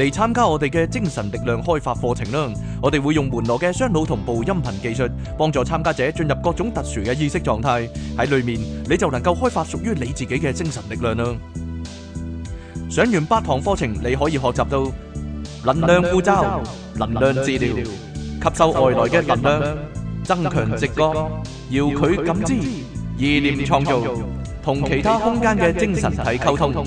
嚟參加我哋嘅精神力量開發課程啦！我哋會用門羅嘅雙腦同步音頻技術，幫助參加者進入各種特殊嘅意識狀態。喺裡面你就能夠開發屬於你自己嘅精神力量啦！上完八堂課程，你可以學習到能量護罩、能量治療、吸收外來嘅能量、增強直覺、遙距感知、意念創造、同其他空間嘅精神體溝通。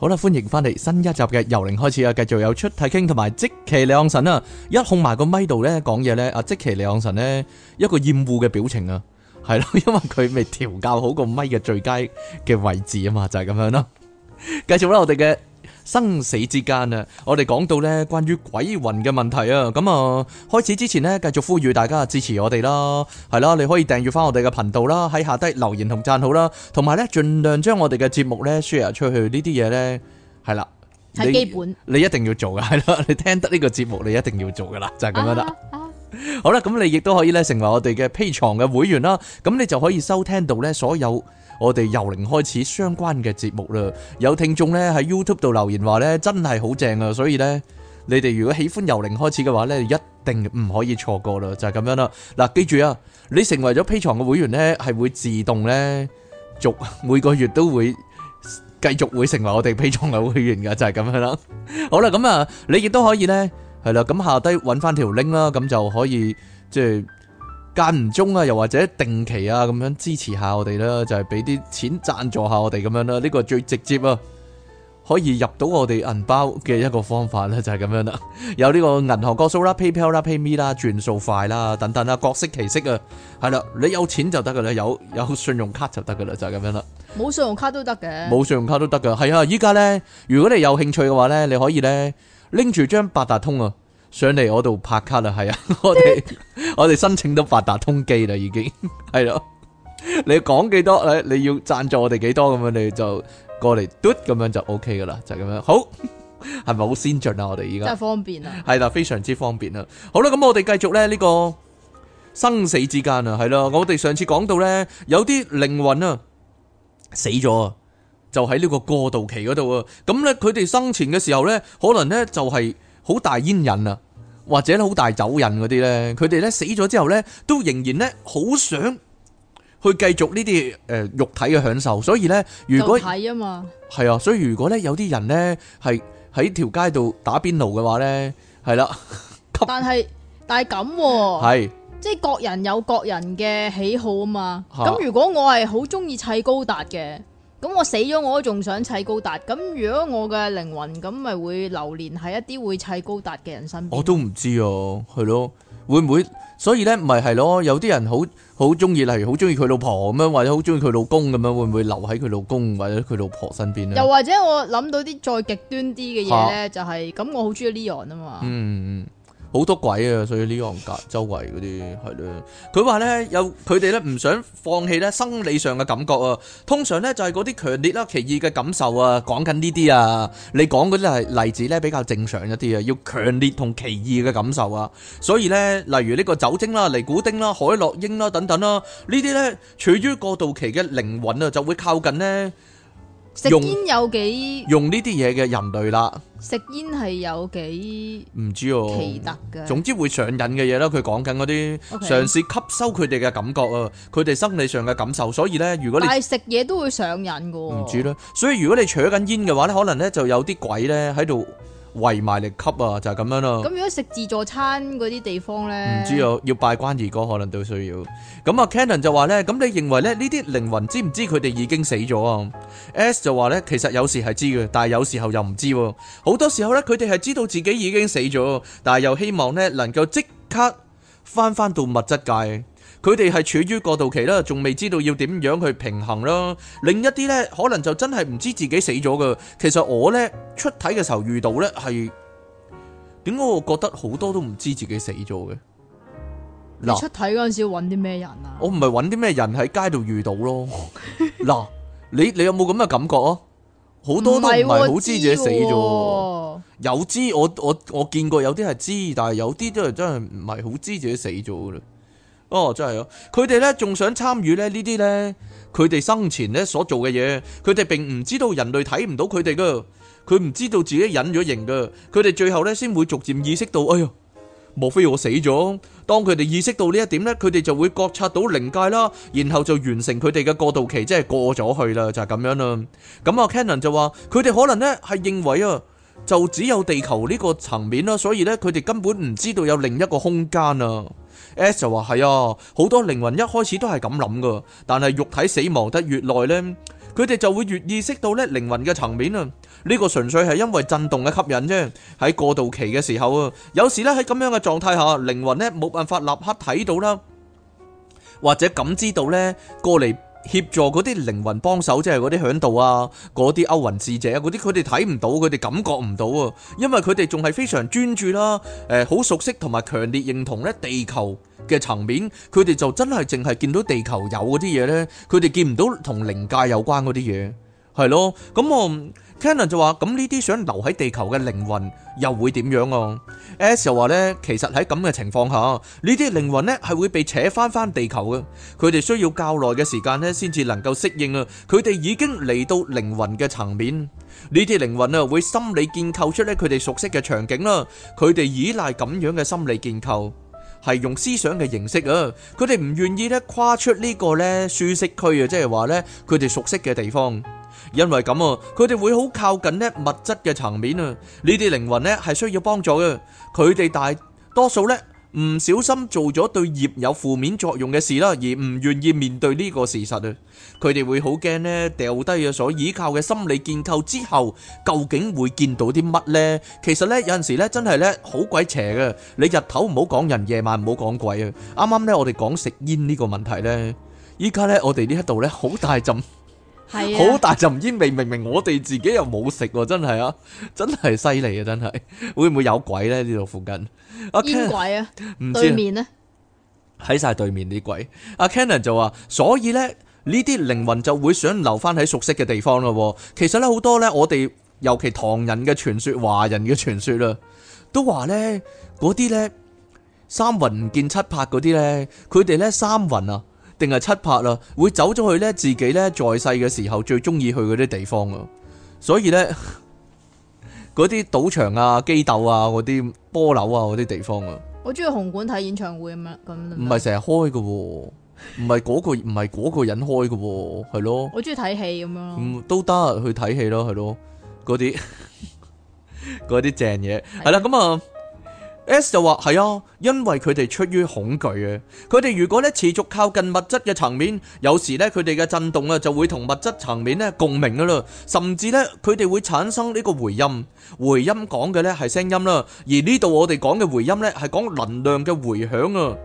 好啦，歡迎翻嚟新一集嘅由零開始啊！繼續有出題傾同埋即其兩神啊，一控埋個咪度咧講嘢咧，阿即其兩神咧一個厭惡嘅表情啊，係咯，因為佢未調教好個咪嘅最佳嘅位置啊嘛，就係、是、咁樣啦，啊。繼續啦，我哋嘅。生死之間啊！我哋講到呢關於鬼魂嘅問題啊，咁啊開始之前呢，繼續呼籲大家支持我哋咯，係啦，你可以訂閱翻我哋嘅頻道啦，喺下低留言同讚好啦，同埋呢，盡量將我哋嘅節目呢 share 出去，呢啲嘢呢係啦，睇基本你，你一定要做噶，係咯，你聽得呢個節目你一定要做噶啦，就係、是、咁樣啦。啊啊啊好啦，咁你亦都可以咧成為我哋嘅披床嘅會員啦，咁你就可以收聽到呢所有我哋由零開始相關嘅節目啦。有聽眾呢喺 YouTube 度留言話呢真係好正啊，所以呢你哋如果喜歡由零開始嘅話呢，一定唔可以錯過啦，就係咁樣啦。嗱，記住啊，你成為咗披床嘅會員呢，係會自動呢逐每個月都會繼續會成為我哋披床嘅會員㗎，就係咁樣啦。好啦，咁啊，你亦都可以呢。係啦，咁下低揾翻條 link 啦，咁就可以即係間唔中啊，又或者定期啊，咁樣支持下我哋啦，就係俾啲錢贊助下我哋咁樣啦、啊，呢、這個最直接啊，可以入到我哋銀包嘅一個方法咧，就係、是、咁樣、啊、啦。有呢個銀行個數啦，PayPal 啦，PayMe 啦，轉數快啦，等等啦、啊，各式其式啊。係啦，你有錢就得噶啦，有有信用卡就得噶啦，就係、是、咁樣啦、啊。冇信用卡都得嘅。冇信用卡都得噶，係啊！依家咧，如果你有興趣嘅話咧，你可以咧。拎住張八達通啊，上嚟我度拍卡啦，係啊，我哋 我哋申請到八達通機啦，已經係咯、啊。你講幾多，你你要贊助我哋幾多咁樣，你就過嚟嘟咁樣就 O K 噶啦，就係咁樣好，係咪好先進啊？我哋而家真係方便啊，係啦，非常之方便啊。好啦、啊，咁我哋繼續咧呢、呢個生死之間啊，係咯，我哋上次講到咧，有啲靈魂啊死咗。啊。就喺呢個過渡期嗰度啊！咁咧，佢哋生前嘅時候咧，可能咧就係好大煙癮啊，或者好大酒癮嗰啲咧，佢哋咧死咗之後咧，都仍然咧好想去繼續呢啲誒肉體嘅享受。所以咧，如果肉體啊嘛，係啊，所以如果咧有啲人咧係喺條街度打邊爐嘅話咧，係啦、啊， 但係但係咁係，是即係各人有各人嘅喜好啊嘛。咁、啊、如果我係好中意砌高達嘅。咁我死咗我都仲想砌高達，咁如果我嘅靈魂咁咪會流連喺一啲會砌高達嘅人身邊。我都唔知啊，係咯，會唔會？所以咧，唔咪係咯，有啲人好好中意，例如好中意佢老婆咁樣，或者好中意佢老公咁樣，會唔會留喺佢老公或者佢老婆身邊咧？又或者我諗到啲再極端啲嘅嘢咧，哈就係、是、咁，我好中意 Leon 啊嘛。嗯嗯。好多鬼啊！所以呢、呢個隔周圍嗰啲係咧，佢話咧有佢哋咧唔想放棄咧生理上嘅感覺啊。通常咧就係嗰啲強烈啦、奇異嘅感受啊。講緊呢啲啊，你講嗰啲係例子咧比較正常一啲啊。要強烈同奇異嘅感受啊。所以咧，例如呢個酒精啦、尼古丁啦、海洛因啦等等啦，呢啲咧，處於過渡期嘅靈魂啊，就會靠近呢。食煙有幾用呢啲嘢嘅人類啦，食煙係有幾唔知哦、啊，奇特嘅。總之會上癮嘅嘢啦，佢講緊嗰啲嘗試吸收佢哋嘅感覺啊，佢哋生理上嘅感受。所以咧，如果你但係食嘢都會上癮嘅、啊，唔知啦、啊。所以如果你抽緊煙嘅話咧，可能咧就有啲鬼咧喺度。圍埋力吸啊，就係咁樣咯。咁如果食自助餐嗰啲地方呢，唔知啊，要拜關二哥可能都需要。咁啊，Cannon 就話呢，咁你認為呢呢啲靈魂知唔知佢哋已經死咗啊？S 就話呢，其實有時候係知嘅，但係有時候又唔知。好多時候呢，佢哋係知道自己已經死咗，但係又希望呢，能夠即刻返返到物質界。佢哋係處於過渡期啦，仲未知道要點樣去平衡啦。另一啲咧，可能就真係唔知自己死咗噶。其實、啊、我咧出體嘅時候遇到咧係，點解我覺得好多都唔知自己死咗嘅？嗱，出體嗰陣時揾啲咩人啊？我唔係揾啲咩人喺街度遇到咯。嗱，你你有冇咁嘅感覺啊？好多都唔係好知自己死咗，有知我我我見過有啲係知，但係有啲都係真係唔係好知自己死咗噶啦。哦，真係啊。佢哋咧仲想參與咧呢啲呢，佢哋生前咧所做嘅嘢，佢哋並唔知道人類睇唔到佢哋噶，佢唔知道自己隱咗形噶，佢哋最後咧先會逐漸意識到，哎呦，莫非我死咗？當佢哋意識到呢一點咧，佢哋就會覺察到靈界啦，然後就完成佢哋嘅過渡期，即係過咗去啦，就係咁樣啦。咁啊，Canon 就話佢哋可能咧係認為啊，就只有地球呢個層面啦，所以咧佢哋根本唔知道有另一個空間啊。S 就話係啊，好多靈魂一開始都係咁諗噶，但係肉體死亡得越耐咧，佢哋就會越意識到咧靈魂嘅層面啊。呢個純粹係因為震動嘅吸引啫。喺過渡期嘅時候啊，有時咧喺咁樣嘅狀態下，靈魂咧冇辦法立刻睇到啦，或者感知到咧過嚟協助嗰啲靈魂幫手，即係嗰啲喺度啊，嗰啲歐雲智者，嗰啲佢哋睇唔到，佢哋感覺唔到啊，因為佢哋仲係非常專注啦，誒、呃，好熟悉同埋強烈認同咧地球嘅層面，佢哋就真係淨係見到地球有嗰啲嘢咧，佢哋見唔到同靈界有關嗰啲嘢。係咯，咁我 Cannon 就話，咁呢啲想留喺地球嘅靈魂又會點樣啊？S 又話咧，其實喺咁嘅情況下，呢啲靈魂咧係會被扯翻翻地球嘅。佢哋需要較耐嘅時間咧，先至能夠適應啊。佢哋已經嚟到靈魂嘅層面，呢啲靈魂啊會心理建構出咧佢哋熟悉嘅場景啦。佢哋依賴咁樣嘅心理建構，係用思想嘅形式啊。佢哋唔願意咧跨出呢個咧舒適區啊，即係話咧佢哋熟悉嘅地方。因為咁啊，佢哋會好靠近呢物質嘅層面啊，你哋靈魂呢係需要幫助嘅。佢哋大多數呢唔小心做咗對業有負面作用嘅事啦，而唔願意面對呢個事實啊。佢哋會好驚呢掉低啊。所依靠嘅心理建構之後，究竟會見到啲乜呢？其實呢，有陣時呢真係呢好鬼邪嘅。你日頭唔好講人，夜晚唔好講鬼啊。啱啱呢，我哋講食煙呢個問題呢。依家呢，我哋呢一度呢，好大陣。 係好、啊、大陣煙味，明明我哋自己又冇食喎，真係啊，真係犀利啊，真係，會唔會有鬼呢？呢度附近阿煙鬼啊，唔對面呢？喺晒對面啲鬼。阿、啊、Ken 就話，所以呢，呢啲靈魂就會想留翻喺熟悉嘅地方咯。其實呢，好多呢，我哋尤其唐人嘅傳説，華人嘅傳説啊，都話呢，嗰啲呢，三魂唔見七魄嗰啲呢，佢哋呢，三魂啊。定係七拍啦、啊，會走咗去咧，自己咧在世嘅時候最中意去嗰啲地方啊，所以咧嗰啲賭場啊、機斗啊、嗰啲波樓啊、嗰啲地方啊，我中意紅館睇演唱會咁樣咁。唔係成日開噶、啊，唔係、 嗰個唔係嗰個人開噶、啊，係咯。我中意睇戲咁樣，嗯，都得去睇戲咯，係咯，嗰啲嗰啲正嘢，係啦，咁啊。S, S 就話係啊，因為佢哋出於恐懼啊。佢哋如果咧持續靠近物質嘅層面，有時咧佢哋嘅震動啊就會同物質層面咧共鳴噶啦，甚至咧佢哋會產生呢個回音。回音講嘅咧係聲音啦，而呢度我哋講嘅回音咧係講能量嘅回響啊。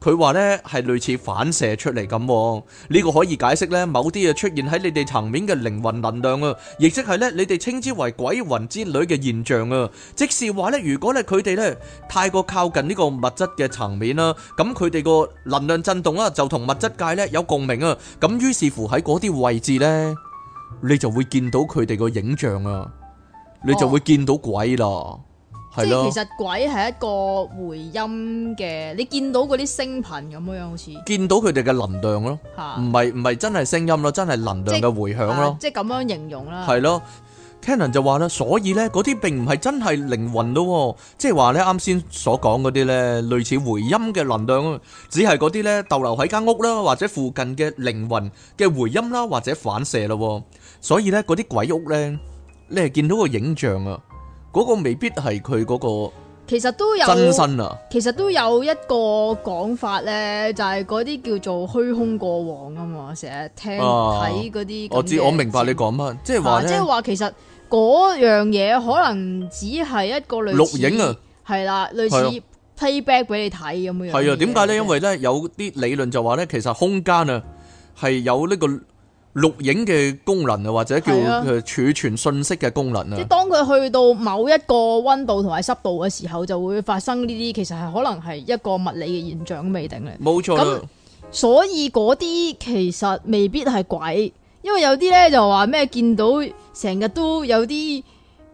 佢話呢係類似反射出嚟咁，呢個可以解釋呢某啲嘢出現喺你哋層面嘅靈魂能量啊，亦即係呢你哋稱之為鬼魂之旅嘅現象啊。即是話呢，如果咧佢哋呢太過靠近呢個物質嘅層面啦，咁佢哋個能量震動啦就同物質界呢有共鳴啊，咁於是乎喺嗰啲位置呢，你就會見到佢哋個影像啊，你就會見到鬼咯。即係其實鬼係一個回音嘅，你見到嗰啲聲頻咁樣好似，見到佢哋嘅能量咯，唔係唔係真係聲音咯，真係能量嘅回響咯，即係咁樣形容啦。係咯，Canon 就話咧，所以咧嗰啲並唔係真係靈魂咯，即係話咧啱先所講嗰啲咧類似回音嘅能量，只係嗰啲咧逗留喺間屋啦，或者附近嘅靈魂嘅回音啦，或者反射咯，所以咧嗰啲鬼屋咧，你係見到個影像啊。嗰個未必係佢嗰個，其實都有真身啊！其實都有一個講法咧，就係嗰啲叫做虛空過往啊嘛，成日聽睇嗰啲。我知我明白你講乜，即係話即係話，其實嗰樣嘢可能只係一個類似錄影啊，係啦，類似 playback 俾你睇咁樣。係啊，點解咧？因為咧有啲理論就話咧，其實空間啊係有呢個。錄影嘅功能啊，或者叫誒儲存信息嘅功能啊，即係當佢去到某一個溫度同埋濕度嘅時候，就會發生呢啲，其實係可能係一個物理嘅現象未定咧。冇錯啦，所以嗰啲其實未必係鬼，因為有啲呢就話咩見到成日都有啲誒、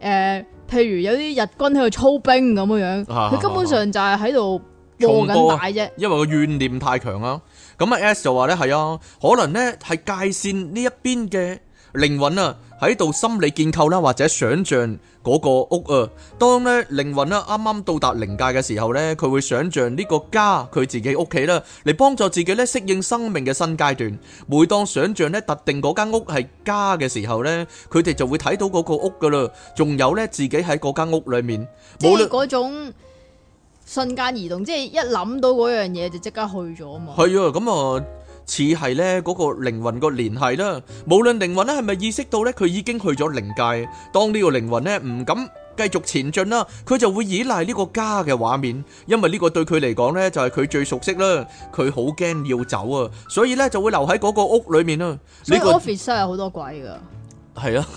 呃，譬如有啲日軍喺度操兵咁樣樣，佢、啊啊啊啊、根本上就係喺度望緊大啫，因為個怨念太強啦。咁啊 S 就話咧，係啊，可能咧係界線呢一邊嘅靈魂啊，喺度心理建構啦，或者想象嗰個屋啊。當咧靈魂咧啱啱到達靈界嘅時候咧，佢會想象呢個家，佢自己屋企啦，嚟幫助自己咧適應生命嘅新階段。每當想象咧特定嗰間屋係家嘅時候咧，佢哋就會睇到嗰個屋㗎喇。仲有咧自己喺嗰間屋裏面，冇。瞬間移動，即係一諗到嗰樣嘢就即刻去咗啊嘛。係啊，咁啊似係咧嗰個靈魂個聯繫啦。無論靈魂咧係咪意識到咧佢已經去咗靈界，當呢個靈魂咧唔敢繼續前進啦，佢就會依賴呢個家嘅畫面，因為呢個對佢嚟講咧就係佢最熟悉啦。佢好驚要走啊，所以咧就會留喺嗰個屋裏面啦。所以 office、這個、室有好多鬼噶。係是啊，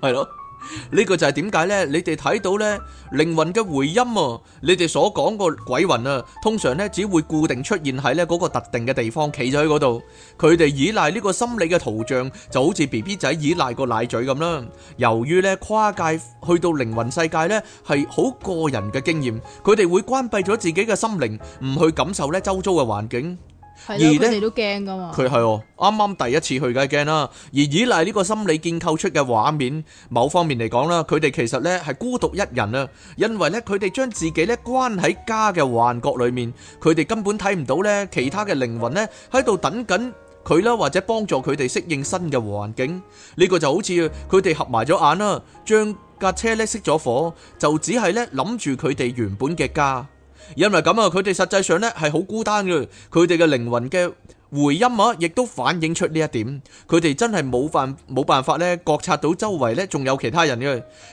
係 咯、啊。 呢個就係點解咧？你哋睇到咧靈魂嘅回音啊，你哋所講個鬼魂啊，通常咧只會固定出現喺咧嗰個特定嘅地方，企咗喺嗰度。佢哋依賴呢個心理嘅圖像，就好似 BB 仔依賴個奶嘴咁啦。由於咧跨界去到靈魂世界咧，係好個人嘅經驗，佢哋會關閉咗自己嘅心靈，唔去感受咧周遭嘅環境。而咧佢係哦，啱啱第一次去梗係驚啦。而依賴呢個心理建構出嘅畫面，某方面嚟講啦，佢哋其實咧係孤獨一人啦。因為咧佢哋將自己咧關喺家嘅幻覺裏面，佢哋根本睇唔到咧其他嘅靈魂咧喺度等緊佢啦，或者幫助佢哋適應新嘅環境。呢個就好似佢哋合埋咗眼啦，將架車咧熄咗火，就只係咧諗住佢哋原本嘅家。因為咁啊，佢哋實際上咧係好孤單嘅，佢哋嘅靈魂嘅回音啊，亦都反映出呢一點。佢哋真係冇辦冇辦法咧，覺察到周圍咧仲有其他人嘅。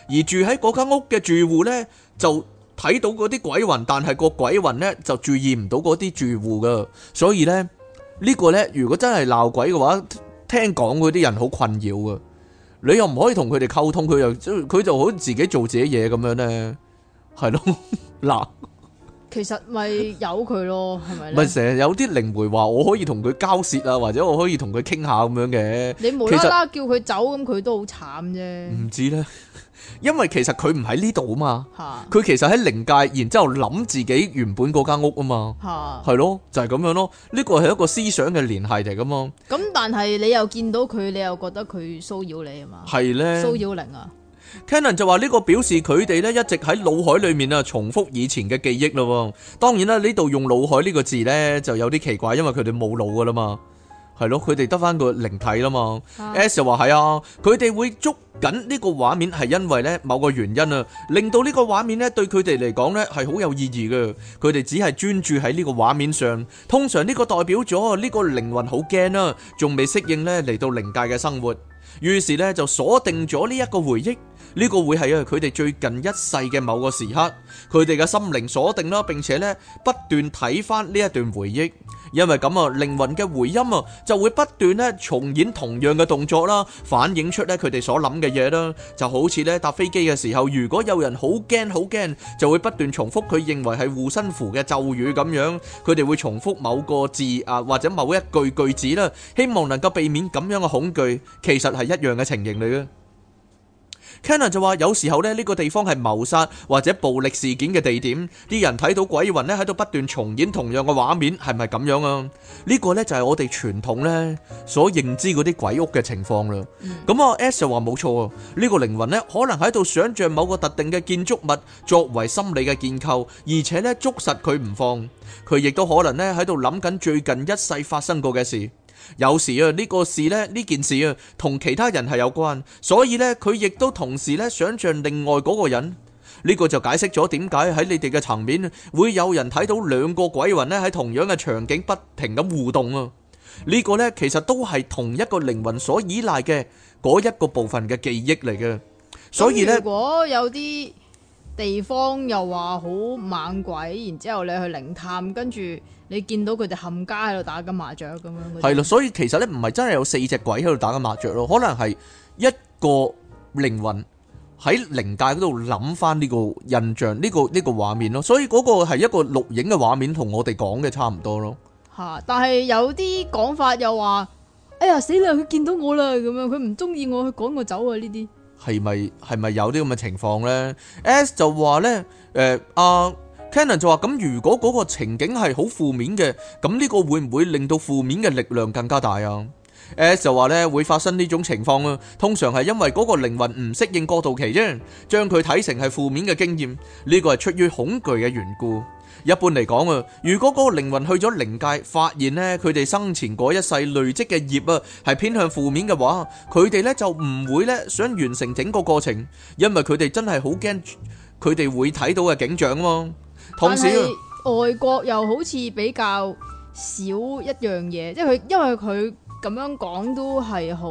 而住喺嗰間屋嘅住戶咧，就睇到嗰啲鬼魂，但係個鬼魂咧就注意唔到嗰啲住戶噶。所以咧呢個咧，如果真係鬧鬼嘅話，聽講嗰啲人好困擾噶。你又唔可以同佢哋溝通，佢又佢就好似自己做自己嘢咁樣咧，係咯嗱。其實咪由佢咯，係咪？咪成日有啲靈媒話我可以同佢交涉啊，或者我可以同佢傾下咁樣嘅。你無啦啦叫佢走，咁佢都好慘啫。唔知咧，因為其實佢唔喺呢度啊嘛。吓，佢其實喺靈界，然之後諗自己原本嗰間屋啊嘛。吓，係咯，就係咁樣咯。呢個係一個思想嘅連繫嚟噶嘛。咁但係你又見到佢，你又覺得佢騷擾你啊嘛？係咧。騷擾靈啊！Canon 就話呢個表示佢哋咧，一直喺腦海裏面啊重複以前嘅記憶咯。當然啦，呢度用腦海呢個字呢就有啲奇怪，因為佢哋冇腦噶啦嘛，係咯，佢哋得翻個靈體啦嘛。S 就話係啊，佢哋，啊、會捉緊呢個畫面係因為呢某個原因啊令到呢個畫面呢對佢哋嚟講呢係好有意義嘅。佢哋只係專注喺呢個畫面上，通常呢個代表咗呢個靈魂好驚啊，仲未適應呢嚟到靈界嘅生活，於是呢就鎖定咗呢一個回憶。呢個會係啊佢哋最近一世嘅某個時刻，佢哋嘅心靈鎖定啦，並且呢不斷睇翻呢一段回憶，因為咁啊靈魂嘅回音啊就會不斷呢重演同樣嘅動作啦，反映出呢佢哋所諗嘅嘢啦，就好似呢搭飛機嘅時候，如果有人好驚好驚，就會不斷重複佢認為係護身符嘅咒語咁樣，佢哋會重複某個字啊或者某一句句子啦，希望能夠避免咁樣嘅恐懼，其實係一樣嘅情形嚟嘅。Kenna 就話：有時候咧，呢個地方係謀殺或者暴力事件嘅地點，啲人睇到鬼魂咧喺度不斷重演同樣嘅畫面，係咪係咁樣啊？呢、這個咧就係我哋傳統咧所認知嗰啲鬼屋嘅情況啦。咁啊、嗯、S,， 就話冇錯，呢、這個靈魂咧可能喺度想像某個特定嘅建築物作為心理嘅建構，而且咧捉實佢唔放，佢亦都可能咧喺度諗緊最近一世發生過嘅事。有時啊，呢個事咧，呢件事啊，同其他人係有關，所以咧，佢亦都同時咧想象另外嗰個人，呢個就解釋咗點解喺你哋嘅層面會有人睇到兩個鬼魂咧喺同樣嘅場景不停咁互動啊！呢個咧其實都係同一個靈魂所依賴嘅嗰一個部分嘅記憶嚟嘅，所以咧，如果有啲地方又話好猛鬼，然之後你去靈探，跟住。你見到佢哋冚家喺度打緊麻雀咁樣？係咯，所以其實咧唔係真係有四隻鬼喺度打緊麻雀咯，可能係一個靈魂喺靈界嗰度諗翻呢個印象，呢個呢個畫面咯。所以嗰個係一個錄影嘅畫面，同我哋講嘅差唔多咯。嚇！但係有啲講法又話：哎呀死啦！佢見到我啦，咁樣佢唔中意我去趕我走啊！呢啲係咪係咪有啲咁嘅情況咧？S 就話咧：誒阿。Canon 就話咁，如果嗰個情景係好負面嘅，咁呢個會唔會令到負面嘅力量更加大啊？S 就話咧，會發生呢種情況啊，通常係因為嗰個靈魂唔適應過渡期啫，將佢睇成係負面嘅經驗，呢個係出於恐懼嘅緣故。一般嚟講啊，如果個靈魂去咗靈界，發現咧佢哋生前嗰一世累積嘅業啊，係偏向負面嘅話，佢哋咧就唔會咧想完成整個過程，因為佢哋真係好驚佢哋會睇到嘅景象。但係外國又好似比較少一樣嘢，即係佢因為佢咁樣講都係好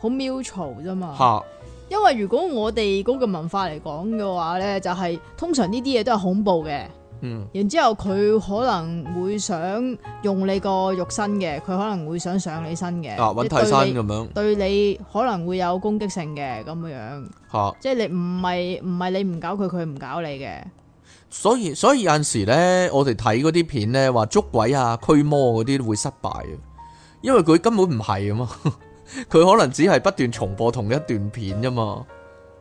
好 neutral 啫嘛。哈 因為如果我哋嗰個文化嚟講嘅話咧，就係、是、通常呢啲嘢都係恐怖嘅。嗯，然之後佢可能會想用你個肉身嘅，佢可能會想上你身嘅，搵替身咁樣，對你可能會有攻擊性嘅咁樣樣。吓哈，即係你唔係唔係你唔搞佢，佢唔搞你嘅。所以所以有陣時咧，我哋睇嗰啲片咧，話捉鬼啊、驅魔嗰啲都會失敗啊，因為佢根本唔係啊嘛，佢可能只係不斷重播同一段片啫嘛。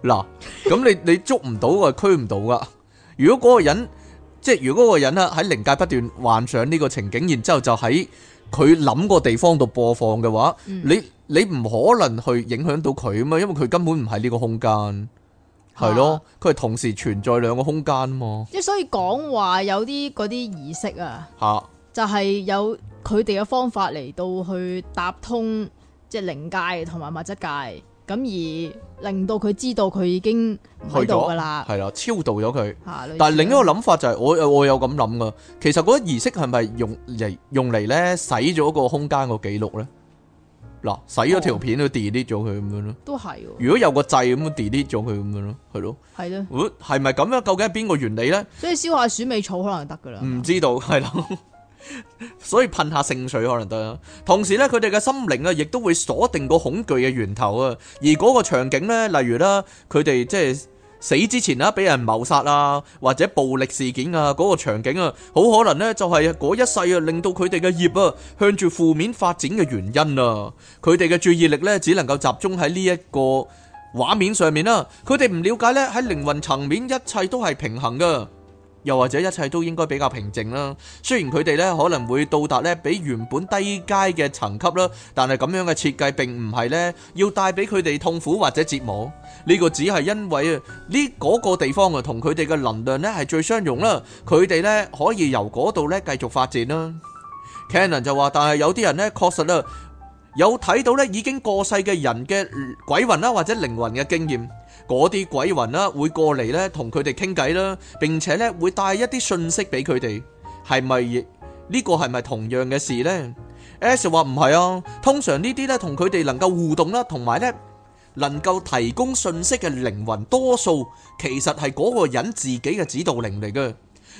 嗱，咁你你捉唔到啊，驅唔到噶。如果嗰個人，即係如果嗰個人咧喺靈界不斷幻想呢個情景，然之後就喺佢諗個地方度播放嘅話，嗯、你你唔可能去影響到佢啊嘛，因為佢根本唔係呢個空間。係咯，佢係、啊、同時存在兩個空間嘛、啊，即所以講話有啲嗰啲儀式啊，啊就係有佢哋嘅方法嚟到去搭通即靈界同埋物質界，咁而令到佢知道佢已經喺度噶啦，係啦，超度咗佢。啊、但另一個諗法就係、是、我我有咁諗噶，其實嗰啲儀式係咪用嚟用嚟咧洗咗個空間個記錄咧？嗱，洗咗條片都 delete 咗佢咁樣咯，都係。如果有個掣，咁 delete 咗佢咁樣咯，係咯的，係咯、嗯。我係咪咁樣？究竟係邊個原理咧？所以燒下鼠尾草可能得噶啦。唔知道係咯， 所以噴下聖水可能得。同時咧，佢哋嘅心靈啊，亦都會鎖定個恐懼嘅源頭啊。而嗰個場景咧，例如啦，佢哋即係。死之前啦，俾人謀殺啊，或者暴力事件啊，嗰個場景啊，好可能呢，就係嗰一世啊，令到佢哋嘅業啊向住負面發展嘅原因啊，佢哋嘅注意力呢，只能夠集中喺呢一個畫面上面啦，佢哋唔了解呢，喺靈魂層面一切都係平衡噶。又或者一切都應該比較平靜啦。雖然佢哋咧可能會到達咧比原本低階嘅層級啦，但係咁樣嘅設計並唔係咧要帶俾佢哋痛苦或者折磨。呢個只係因為啊，呢嗰個地方啊同佢哋嘅能量咧係最相容啦。佢哋咧可以由嗰度咧繼續發展啦。Canon 就話，但係有啲人咧確實啊有睇到咧已經過世嘅人嘅鬼魂啦，或者靈魂嘅經驗。嗰啲鬼魂啦，會過嚟咧，同佢哋傾偈啦，並且咧會帶一啲信息俾佢哋。係咪呢個係咪同樣嘅事呢？Ash 話唔係啊，通常呢啲咧同佢哋能夠互動啦，同埋咧能夠提供信息嘅靈魂，多數其實係嗰個人自己嘅指導靈嚟嘅。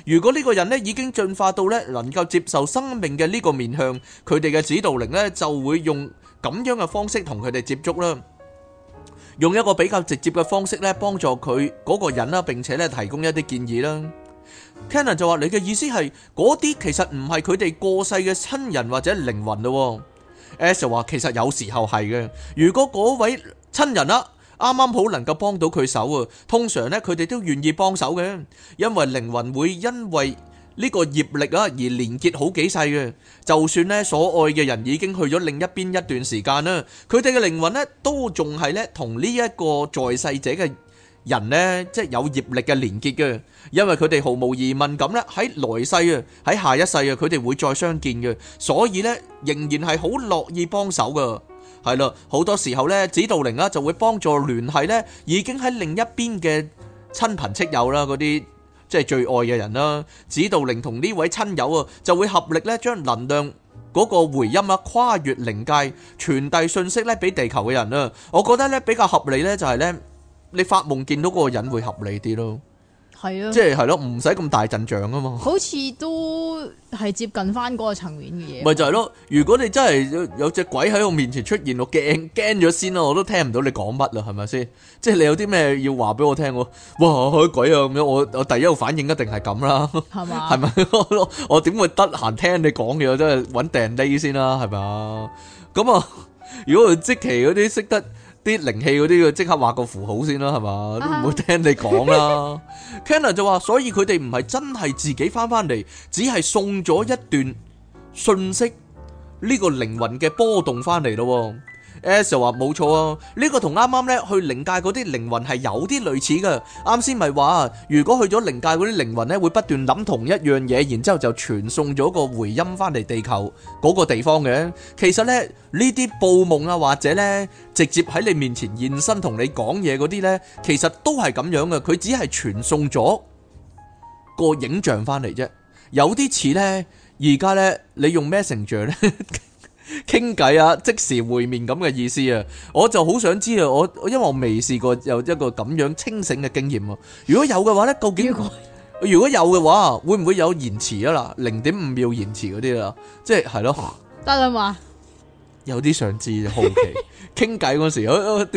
如果呢個人咧已經進化到咧能夠接受生命嘅呢個面向，佢哋嘅指導靈咧就會用咁樣嘅方式同佢哋接觸啦。用一個比較直接嘅方式咧，幫助佢嗰個人啦，並且咧提供一啲建議啦。Ken 就話：你嘅意思係嗰啲其實唔係佢哋過世嘅親人或者靈魂咯。Ash 就話：其實有時候係嘅，如果嗰位親人啦，啱啱好能夠幫到佢手啊，通常咧佢哋都願意幫手嘅，因為靈魂會因為。呢個業力啊，而連結好幾世嘅，就算呢所愛嘅人已經去咗另一邊一段時間啦，佢哋嘅靈魂呢都仲係呢同呢一個在世者嘅人呢，即係有業力嘅連結嘅，因為佢哋毫無疑問咁呢喺來世啊，喺下一世啊，佢哋會再相見嘅，所以呢仍然係好樂意幫手噶，係啦，好多時候呢指導靈啊就會幫助聯繫呢已經喺另一邊嘅親朋戚友啦嗰啲。即係最愛嘅人啦，指導靈同呢位親友啊，就會合力咧將能量嗰個回音啊跨越靈界，傳遞訊息咧俾地球嘅人啊，我覺得咧比較合理咧就係咧，你發夢見到嗰個人會合理啲咯。係啊，即係係咯，唔使咁大陣仗啊嘛。好似都係接近翻嗰個層面嘅嘢。咪就係咯，如果你真係有，有隻鬼喺我面前出現，我驚驚咗先咯、啊，我都聽唔到你講乜啦，係咪先？即係你有啲咩要話俾我聽？哇，海鬼啊咁樣，我我第一個反應一定係咁啦，係嘛吧？係咪是吧？ 我點會得閒聽你講嘢？真係揾訂 l 先啦、啊，係嘛？咁啊，如果佢即期嗰啲識得。啲靈氣嗰啲要即刻畫個符號先啦，係嘛？都唔會聽你講啦。Canner 就話：所以佢哋唔係真係自己翻翻嚟，只係送咗一段信息呢、呢個靈魂嘅波動翻嚟咯。S 話冇錯啊，呢、這個同啱啱呢去靈界嗰啲靈魂係有啲類似嘅。啱先咪話，如果去咗靈界嗰啲靈魂呢，會不斷諗同一樣嘢，然之後就傳送咗個回音翻嚟地球嗰個地方嘅。其實呢，呢啲報夢啊，或者呢直接喺你面前現身同你講嘢嗰啲呢，其實都係咁樣嘅。佢只係傳送咗個影像翻嚟啫，有啲似呢，而家呢，你用咩成像呢？傾偈啊，即時會面咁嘅意思啊，我就好想知啊，我因為我未試過有一個咁樣清醒嘅經驗啊，如果有嘅話呢，究竟過如果有嘅話，會唔會有延遲啊啦，零點五秒延遲嗰啲啦，即係係咯，得啦嘛。有啲想知好奇傾偈嗰時，點、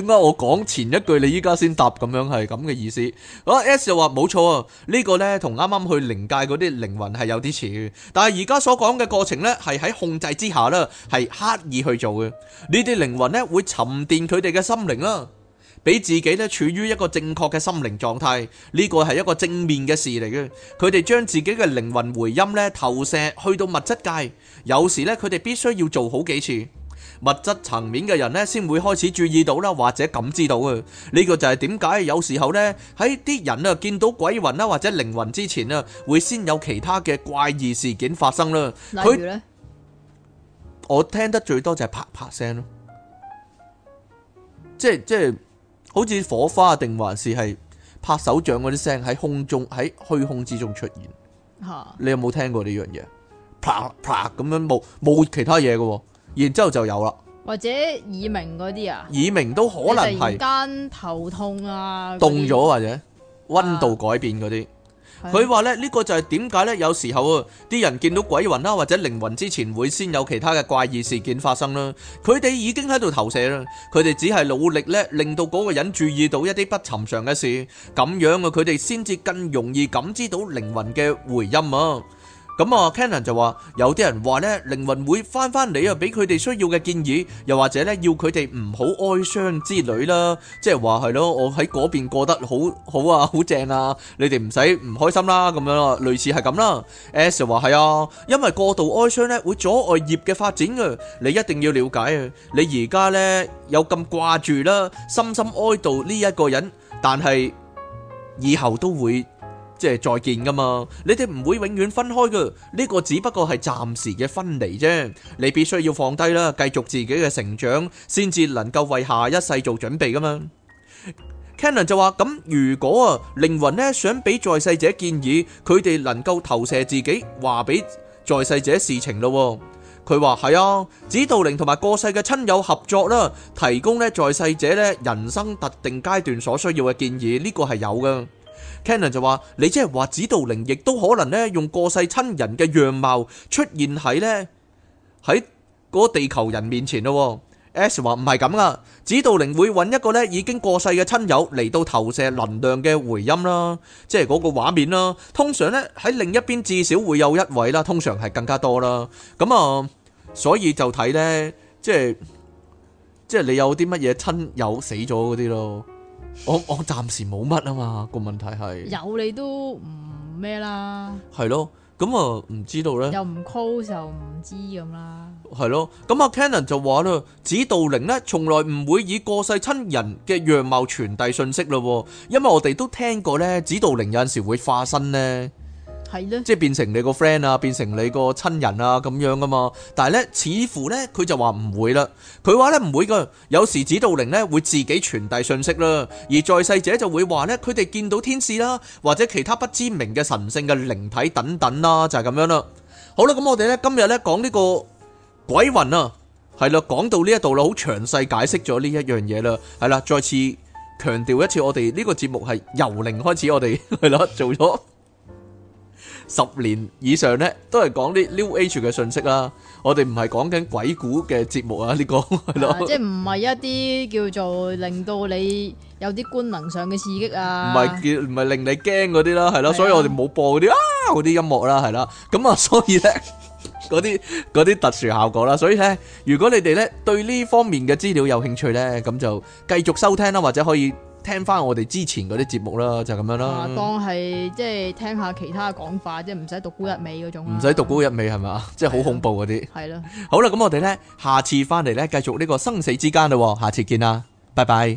啊、解我講前一句你，你依家先答咁樣係咁嘅意思？S 就話冇錯啊，呢、這個呢同啱啱去靈界嗰啲靈魂係有啲似，但係而家所講嘅過程呢，係喺控制之下呢，係刻意去做嘅。呢啲靈魂呢，會沉澱佢哋嘅心靈啦，俾自己呢處於一個正確嘅心靈狀態。呢個係一個正面嘅事嚟嘅。佢哋將自己嘅靈魂回音呢，投射去到物質界，有時呢，佢哋必須要做好幾次。物質層面嘅人呢，先會開始注意到啦，或者感知到啊。呢個就係點解有時候呢，喺啲人啊見到鬼魂啦，或者靈魂之前啊，會先有其他嘅怪異事件發生啦。佢，我聽得最多就係啪啪聲咯，即係即係好似火花定還是係拍手掌嗰啲聲喺空中，喺虛空之中出現。啊、你有冇聽過呢樣嘢？啪啪咁樣冇冇其他嘢嘅？然之後就有啦，或者耳鳴嗰啲啊，耳鳴都可能係間頭痛啊，凍咗或者溫度改變嗰啲。佢話咧呢個就係點解呢？有時候啊，啲人見到鬼魂啦，或者靈魂之前會先有其他嘅怪異事件發生啦。佢哋已經喺度投射啦，佢哋只係努力呢令到嗰個人注意到一啲不尋常嘅事，咁樣啊佢哋先至更容易感知到靈魂嘅回音啊！咁啊，Canon 就話有啲人話呢，靈魂會返返嚟啊，俾佢哋需要嘅建議，又或者呢，要佢哋唔好哀傷之類啦。即係話係咯，我喺嗰邊過得好好啊，好正啊，你哋唔使唔開心啦，咁樣咯，類似係咁啦。Ash 話係啊，因為過度哀傷呢，會阻礙業嘅發展嘅，你一定要了解啊。你而家呢有咁掛住啦，深深哀悼呢一個人，但係以後都會。即係再見噶嘛，你哋唔會永遠分開嘅，呢個只不過係暫時嘅分離啫。你必須要放低啦，繼續自己嘅成長，先至能夠為下一世做準備噶嘛。Cannon 就話咁，如果啊靈魂呢想俾在世者建議，佢哋能夠投射自己話俾在世者事情咯。佢話係啊，指導靈同埋過世嘅親友合作啦，提供呢在世者呢人生特定階段所需要嘅建議，呢個係有噶。Kenon 就話：你即係話指導靈，亦都可能咧用過世親人嘅樣貌出現喺咧喺個地球人面前咯、哦。Ash 話唔係咁啦，指導靈會揾一個咧已經過世嘅親友嚟到投射能量嘅回音啦，即係嗰個畫面啦。通常咧喺另一邊至少會有一位啦，通常係更加多啦。咁啊，所以就睇咧，即係即係你有啲乜嘢親友死咗嗰啲咯。我我暫時冇乜啊嘛，個問題係有你都唔咩啦，係咯，咁啊唔知道咧，又唔、嗯啊、call 就唔知咁啦，係咯，咁啊 Canon 就話啦，指導靈咧從來唔會以過世親人嘅樣貌傳遞信息咯，因為我哋都聽過咧，指導靈有陣時會化身咧。即係變成你個 friend 啊，變成你個親人啊咁樣噶嘛。但係呢，似乎呢，佢就話唔會啦。佢話呢，唔會噶。有時指導靈呢，會自己傳遞信息啦，而在世者就會話呢，佢哋見到天使啦、啊，或者其他不知名嘅神聖嘅靈體等等啦、啊，就係、是、咁樣啦。好啦，咁我哋呢，今日呢，講呢個鬼魂啊，係啦，講到呢一度啦，好詳細解釋咗呢一樣嘢啦。係啦，再次強調一次我，我哋呢個節目係由靈開始我，我哋係啦做咗。 十年以上咧，都係講啲 New Age 嘅信息啦。我哋唔係講緊鬼故嘅節目、這個、啊，呢個係咯。即係唔係一啲叫做令到你有啲官能上嘅刺激啊？唔係，唔係令你驚嗰啲啦，係咯。啊、所以我哋冇播嗰啲啊，嗰啲音樂啦，係啦。咁啊，所以咧，嗰啲啲特殊效果啦。所以咧，如果你哋咧對呢方面嘅資料有興趣咧，咁就繼續收聽啦，或者可以。聽翻我哋之前嗰啲節目啦，就咁、是、樣啦、啊。當係即係聽下其他嘅講法，即係唔使獨沽一味嗰種、啊。唔使獨沽一味係嘛，啊、即係好恐怖嗰啲。係咯、啊，啊、好啦，咁我哋咧，下次翻嚟咧，繼續呢個生死之間啦，下次見啦，拜拜。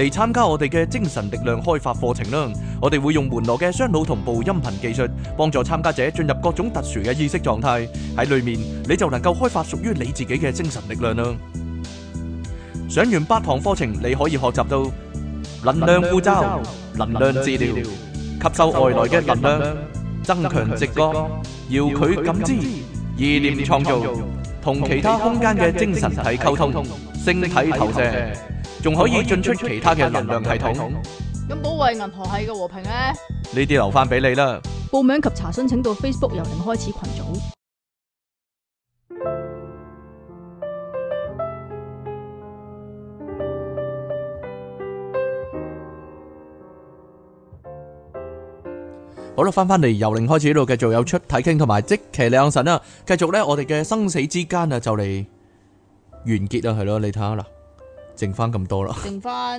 嚟參加我哋嘅精神力量開發課程啦！我哋會用門羅嘅雙腦同步音頻技術，幫助參加者進入各種特殊嘅意識狀態。喺裏面你就能夠開發屬於你自己嘅精神力量啦！上完八堂課程，你可以學習到能量護罩、能量治療、吸收外來嘅能量、增強直覺、遙距感知、意念創造、同其他空間嘅精神體溝通、星體投射。仲可以進出其他嘅能量系統。咁、嗯、保衛銀河系嘅和平咧？呢啲留翻俾你啦。報名及查詢請到 Facebook 由零開始群組。嗯、好啦，翻翻嚟由零開始呢度，繼續有出體傾同埋即期兩神啊！繼續咧，我哋嘅生死之間啊，就嚟完結啦，係咯，你睇下啦。剩翻咁多啦，剩翻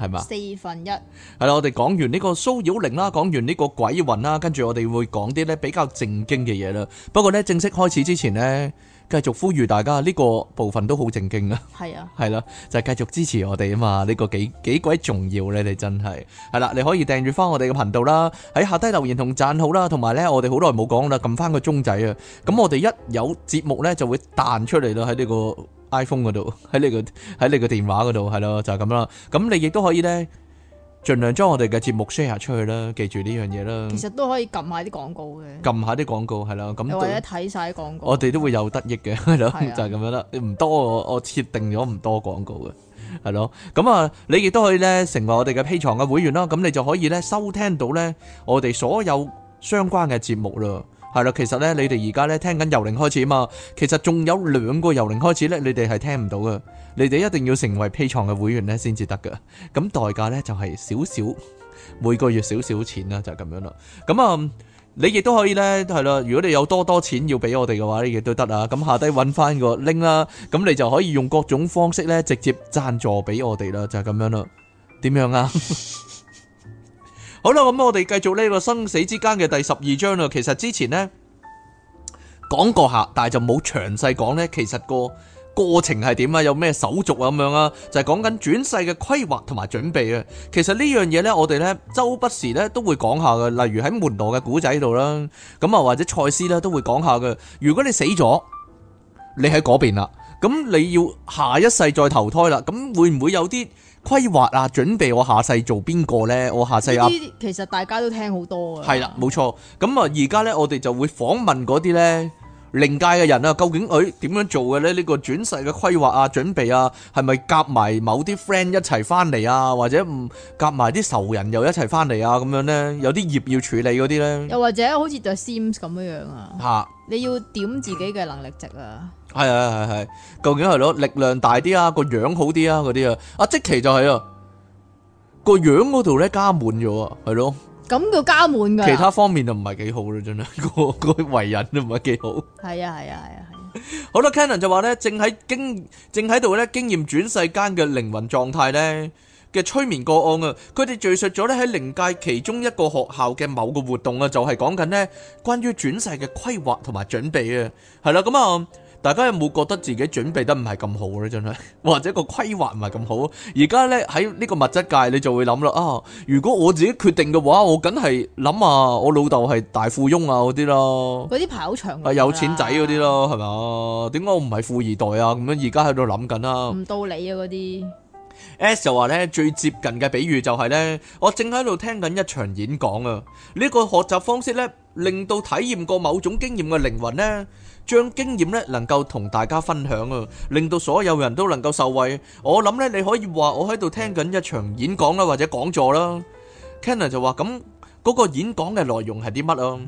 係咪，吧四分一。係啦，我哋講完呢個騷擾靈啦，講完呢個鬼魂啦，跟住我哋會講啲呢比較正經嘅嘢啦。不過呢，正式開始之前呢，繼續呼籲大家，呢、這個部分都好正經啊。係啊，係啦，就係、是、繼續支持我哋啊嘛。呢、這個幾幾鬼重要呢，你真係係啦。你可以訂閱翻我哋嘅頻道啦，喺下低留言同讚好啦，同埋呢，我哋好耐冇講啦，撳翻個鐘仔啊。咁我哋一有節目呢，就會彈出嚟啦，喺呢、這個 iPhone 嗰度，喺你個喺你個電話嗰度，係咯就係咁啦。咁你亦都可以咧，盡量將我哋嘅節目 share 出去啦。記住呢樣嘢啦，其實都可以撳下啲廣告嘅。撳下啲廣告係啦，咁或者睇晒啲廣告，我哋都會有得益嘅，係咯，就係咁樣啦。唔多我我設定咗唔多廣告嘅，係咯。咁啊，你亦都可以咧成為我哋嘅 Patreon 嘅會員啦。咁你就可以咧收聽到咧我哋所有相關嘅節目啦。係啦，其實咧，你哋而家咧聽緊由零開始啊嘛，其實仲有兩個由零開始咧，你哋係聽唔到噶，你哋一定要成為 P 床嘅會員咧先至得噶。咁代價咧就係少少，每個月少少錢啦，就係、是、咁樣啦。咁啊、嗯，你亦都可以咧，係啦，如果你有多多錢要俾我哋嘅話呢，亦都得啊。咁下低搵翻個拎啦，啊，咁你就可以用各種方式咧直接贊助俾我哋啦，就係、是、咁樣啦。點樣啊？ 好啦，咁我哋繼續呢個生死之間嘅第十二章啦。其實之前呢講過下，但係就冇詳細講呢。其實個過程係點啊？有咩手續啊？咁樣啊？就係講緊轉世嘅規劃同埋準備啊。其實呢樣嘢呢，我哋呢周不時呢都會講下噶。例如喺門羅嘅古仔度啦，咁啊或者賽斯呢都會講下噶。如果你死咗，你喺嗰邊啦，咁你要下一世再投胎啦，咁會唔會有啲？規劃啊，準備我下世做邊個呢？我下世啊，呢啲其實大家都聽好多嘅。係啦，冇錯。咁啊，而家呢，我哋就會訪問嗰啲呢，靈界嘅人啊，究竟佢點、哎、樣做嘅呢？呢、這個轉世嘅規劃啊，準備啊，係咪夾埋某啲 friend 一齊翻嚟啊？或者唔夾埋啲仇人又一齊翻嚟啊？咁樣呢，有啲業要處理嗰啲呢？又或者好似就係 Sim 咁樣樣啊？吓、啊！你要點自己嘅能力值啊？係啊係係，究竟係咯，力量大啲啊個樣好啲啊嗰啲啊，阿、啊啊啊、即奇就係啊個樣嗰度咧加滿咗啊，係咯，咁、啊、就加滿噶，其他方面就唔係幾好啦，真係個個為人都唔係幾好。係啊係啊係啊係，好啦，Cannon 就話咧，正喺經正喺度咧，經驗轉世間嘅靈魂狀態咧嘅催眠個案啊，佢哋敘述咗咧喺靈界其中一個學校嘅某個活動、就是、講啊，就係講緊呢關於轉世嘅規劃同埋準備啊，係啦咁啊。大家有冇覺得自己準備得唔係咁好咧？真係，或者個規劃唔係咁好。而家咧喺呢個物質界，你就會諗啦。啊，如果我自己決定嘅話，我梗係諗啊，我老豆係大富翁啊嗰啲咯。嗰啲排好長，有錢仔嗰啲咯，係咪啊？點解我唔係富二代啊？咁樣而家喺度諗緊啦。唔到理啊嗰啲。S, S 就話咧，最接近嘅比喻就係咧，我正喺度聽緊一場演講啊。呢、呢個學習方式咧，令到體驗過某種經驗嘅靈魂咧。將經驗咧能夠同大家分享啊，令到所有人都能夠受惠。我諗咧，你可以話我喺度聽緊一場演講啦，或者講座啦。Ken 呢就話：咁嗰個演講嘅內容係啲乜啊？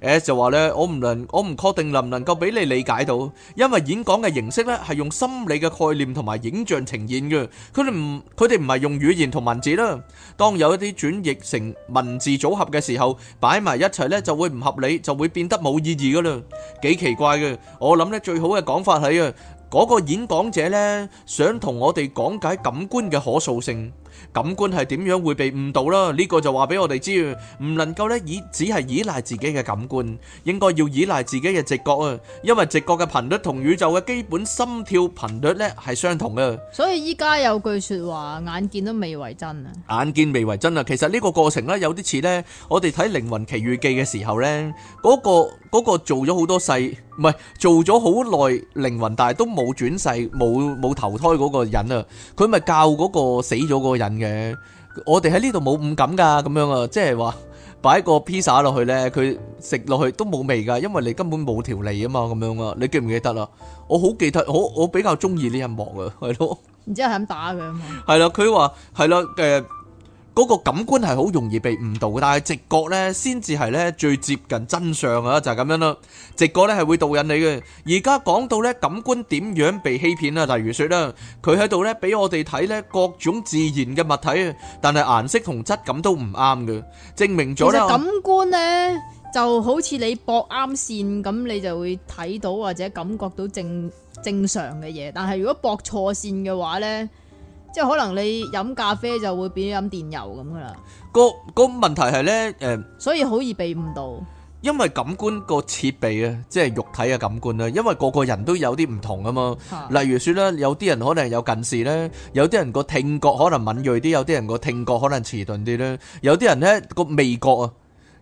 呃，就話呢，我唔能，我唔確定能唔能夠俾你理解到，因為演講嘅形式呢，係用心理嘅概念同埋影像呈現嘅，佢哋唔，佢哋唔係用語言同文字啦，當有一啲轉譯成文字組合嘅時候，擺埋一齊呢，就會唔合理，就會變得冇意義㗎啦，幾奇怪嘅。我諗呢，最好嘅講法係啊，嗰個演講者呢，想同我哋講解感官嘅可塑性，感官係點樣會被誤導啦？呢個就話俾我哋知，唔能夠呢以只係依賴自己嘅感官，應該要依賴自己嘅直覺啊！因為直覺嘅頻率同宇宙嘅基本心跳頻率呢係相同嘅。所以依家有句説話，眼見都未為真啊！眼見未為真啊！其實呢個過程呢，有啲似呢——我哋睇《靈魂奇遇記》嘅時候呢，嗰個嗰個做咗好多世。唔係做咗好耐靈魂大，但係都冇轉世、冇冇投胎嗰個人啊！佢咪教嗰個死咗嗰個人嘅。我哋喺呢度冇五感㗎，咁樣啊，即係話擺個披薩落去咧，佢食落去都冇味㗎，因為你根本冇條脷啊嘛，咁樣啊，你記唔記得啊？我好記得，我我比較中意呢一幕啊，係咯。然之後係咁打佢啊嘛。係啦， 佢話係啦，誒。呃嗰個感官係好容易被誤導嘅，但係直覺呢，先至係呢最接近真相啊！就係、是、咁樣咯，直覺呢係會導引你嘅。而家講到呢，感官點樣被欺騙啦？例如説啦，佢喺度呢俾我哋睇呢各種自然嘅物體啊，但係顏色同質感都唔啱嘅，證明咗。其實感官呢就好似你駁啱線咁，你就會睇到或者感覺到正正常嘅嘢。但係如果駁錯線嘅話呢。即係可能你飲咖啡就會變咗飲電油咁噶啦。個個問題係咧，誒，所以好易被誤導。因為感官個設備啊，即係肉體嘅感官啦。因為個個人都有啲唔同啊嘛。例如說咧，有啲人可能係有近視咧，有啲人個聽覺可能敏鋭啲，有啲人個聽覺可能遲鈍啲咧，有啲人咧個味覺啊。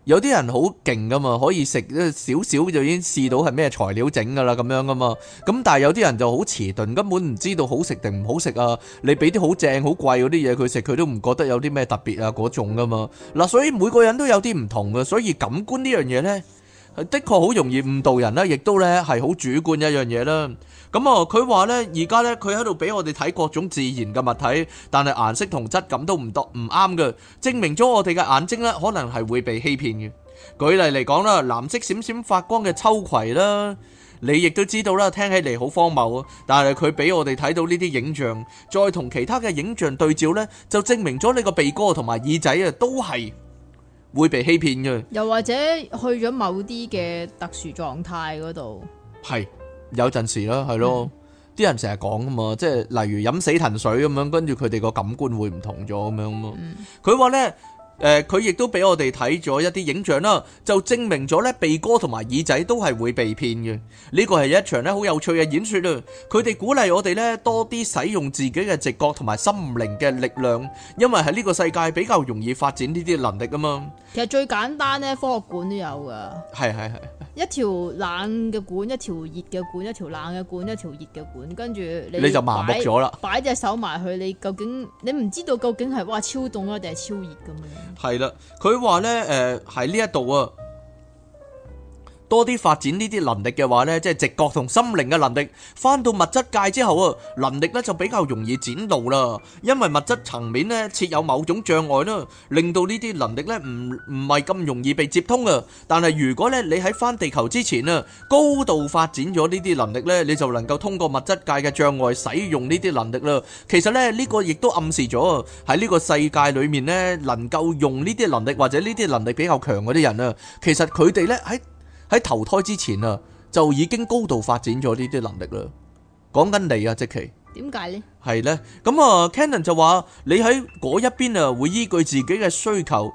有啲人好勁噶嘛，可以食少少就已經試到係咩材料整噶啦，咁樣噶嘛。咁但係有啲人就好遲鈍，根本唔知道好食定唔好食啊。你俾啲好正、好貴嗰啲嘢佢食，佢都唔覺得有啲咩特別啊嗰種噶嘛。嗱、啊，所以每個人都有啲唔同嘅，所以感官呢樣嘢呢，的確好容易誤導人啦，亦都呢係好主觀一樣嘢啦。咁啊，佢話呢，而家呢，佢喺度俾我哋睇各種自然嘅物體，但係顏色同質感都唔多唔啱嘅，證明咗我哋嘅眼睛呢，可能係會被欺騙嘅。舉例嚟講啦，藍色閃閃發光嘅秋葵啦，你亦都知道啦，聽起嚟好荒謬啊，但係佢俾我哋睇到呢啲影像，再同其他嘅影像對照呢，就證明咗你個鼻哥同埋耳仔啊，都係會被欺騙嘅。又或者去咗某啲嘅特殊狀態嗰度係。有陣時啦，係咯，啲、嗯、人成日講㗎嘛，即係例如飲死藤水咁樣，跟住佢哋個感官會唔同咗咁樣咯。佢話、嗯、呢，誒、呃，佢亦都俾我哋睇咗一啲影像啦，就證明咗呢鼻哥同埋耳仔都係會被騙嘅。呢個係一場呢好有趣嘅演説啊！佢哋鼓勵我哋呢多啲使用自己嘅直覺同埋心靈嘅力量，因為喺呢個世界比較容易發展呢啲能力啊嘛。其實最簡單呢科學館都有㗎。係係係。一條冷嘅管，一條熱嘅管，一條冷嘅管，一條熱嘅管，跟住你，你就麻木咗啦。擺隻手埋去，你究竟你唔知道究竟係哇超凍啊定係超熱咁樣？係啦，佢話咧誒喺呢一度、呃、啊。多啲發展呢啲能力嘅話呢，即係直覺同心靈嘅能力，翻到物質界之後啊，能力咧就比較容易展露啦。因為物質層面呢設有某種障礙啦，令到呢啲能力呢唔唔係咁容易被接通啊。但係如果咧你喺翻地球之前啊，高度發展咗呢啲能力呢，你就能夠通過物質界嘅障礙使用呢啲能力啦。其實呢，呢個亦都暗示咗喺呢個世界裏面呢，能夠用呢啲能力或者呢啲能力比較強嗰啲人啊，其實佢哋呢喺。喺投胎之前啊，就已經高度發展咗呢啲能力啦。講緊你啊，即其點解呢？係呢，咁、嗯、啊，Cannon 就話你喺嗰一邊啊，會依據自己嘅需求，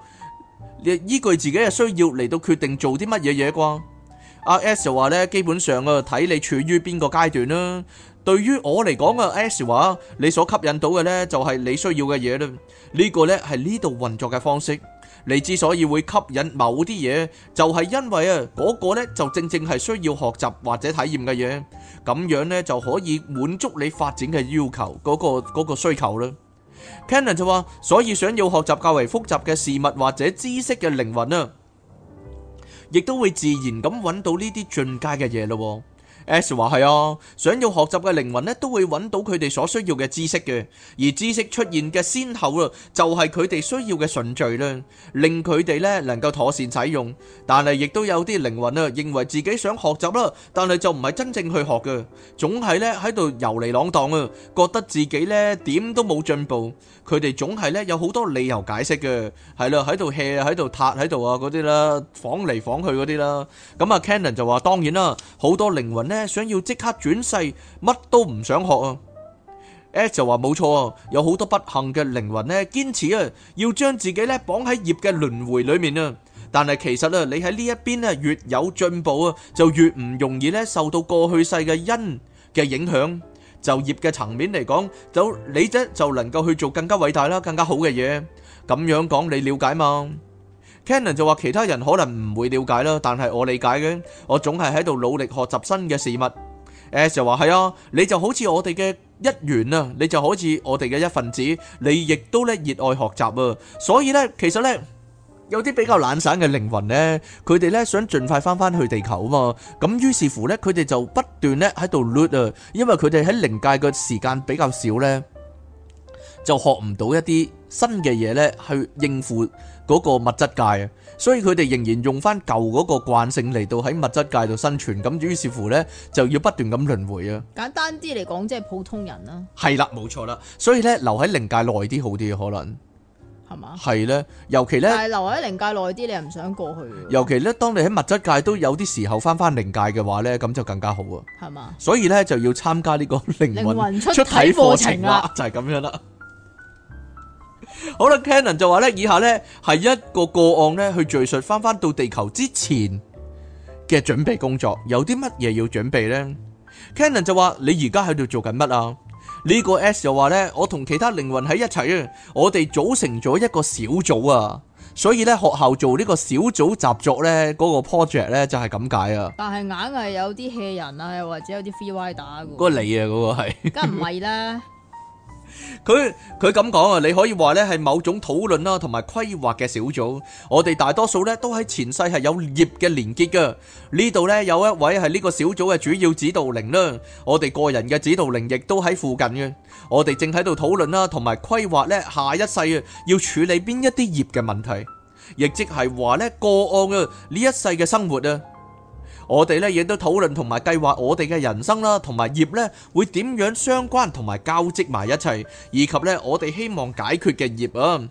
依依據自己嘅需要嚟到決定做啲乜嘢嘢啩？阿 S 就話呢基本上啊，睇你處於邊個階段啦。對於我嚟講啊，S 話你所吸引到嘅呢，就係你需要嘅嘢啦。呢、這個呢，係呢度運作嘅方式。你之所以會吸引某啲嘢，就係因為啊，嗰個咧就正正係需要學習或者體驗嘅嘢，咁樣呢，就可以滿足你發展嘅要求嗰個嗰個需求啦。Kenneth 就話，所以想要學習較為複雜嘅事物或者知識嘅靈魂啊，亦都會自然咁揾到呢啲進階嘅嘢咯。S 話係啊，想要學習嘅靈魂咧，都會揾到佢哋所需要嘅知識嘅，而知識出現嘅先後啊，就係佢哋需要嘅順序啦，令佢哋咧能夠妥善使用。但係亦都有啲靈魂啊，認為自己想學習啦，但係就唔係真正去學嘅，總係咧喺度遊嚟浪蕩啊，覺得自己咧點都冇進步。佢哋總係咧有好多理由解釋嘅，係啦，喺度 hea 喺度撻喺度啊啲啦，晃嚟晃去啲啦。咁啊，Canon 就話當然啦，好多靈魂咧。咧想要即刻轉世，乜都唔想學啊！啊就話冇錯啊，有好多不幸嘅靈魂咧，堅持啊，要將自己咧綁喺業嘅輪迴裏面啊！但係其實啊，你喺呢一邊咧越有進步啊，就越唔容易咧受到過去世嘅因嘅影響。就業嘅層面嚟講，就你啫就能夠去做更加偉大啦、更加好嘅嘢。咁樣講，你了解嘛？Canon 就話其他人可能唔會了解啦，但係我理解嘅。我總係喺度努力學習新嘅事物。S 就話係啊，你就好似我哋嘅一員啊，你就好似我哋嘅一份子，你亦都咧熱愛學習啊。所以呢，其實呢，有啲比較懶散嘅靈魂呢，佢哋呢想盡快翻翻去地球啊嘛。咁於是乎呢，佢哋就不斷呢喺度 r o o d 啊，因為佢哋喺靈界嘅時間比較少呢，就學唔到一啲新嘅嘢呢，去應付嗰個物質界啊，所以佢哋仍然用翻舊嗰個慣性嚟到喺物質界度生存，咁於是乎呢，就要不斷咁輪迴啊。簡單啲嚟講，即係普通人啦。係啦，冇錯啦，所以呢，留喺靈界耐啲好啲，可能係嘛？係呢，尤其呢，但留喺靈界耐啲，你又唔想過去。尤其呢，當你喺物質界都有啲時候翻翻靈界嘅話呢，咁就更加好啊。係嘛？所以呢，就要參加呢個靈魂出體課程啦，就係咁樣啦。好啦，Canon 就話咧，以下咧係一個個案咧，去敘述翻翻到地球之前嘅準備工作，有啲乜嘢要準備呢？Canon 就話，你而家喺度做緊乜啊？呢個 S 就話咧，我同其他靈魂喺一齊啊，我哋組成咗一個小組啊，所以咧學校做呢個小組習作咧，嗰個 project 咧就係咁解啊。但係硬係有啲 hea 人啊，又或者有啲 freey 打嘅。嗰個你啊，嗰、嗰個係。梗唔係啦。佢佢咁講啊，你可以話呢係某種討論啦，同埋規劃嘅小組。我哋大多數呢都喺前世係有業嘅連結嘅。呢度呢有一位係呢個小組嘅主要指導靈啦。我哋個人嘅指導靈亦都喺附近嘅。我哋正喺度討論啦，同埋規劃呢下一世啊要處理邊一啲業嘅問題，亦即係話呢個案啊，呢一世嘅生活啊。我哋咧亦都討論同埋計劃我哋嘅人生啦，同埋業咧會點樣相關同埋交織埋一齊，以及咧我哋希望解決嘅業啊。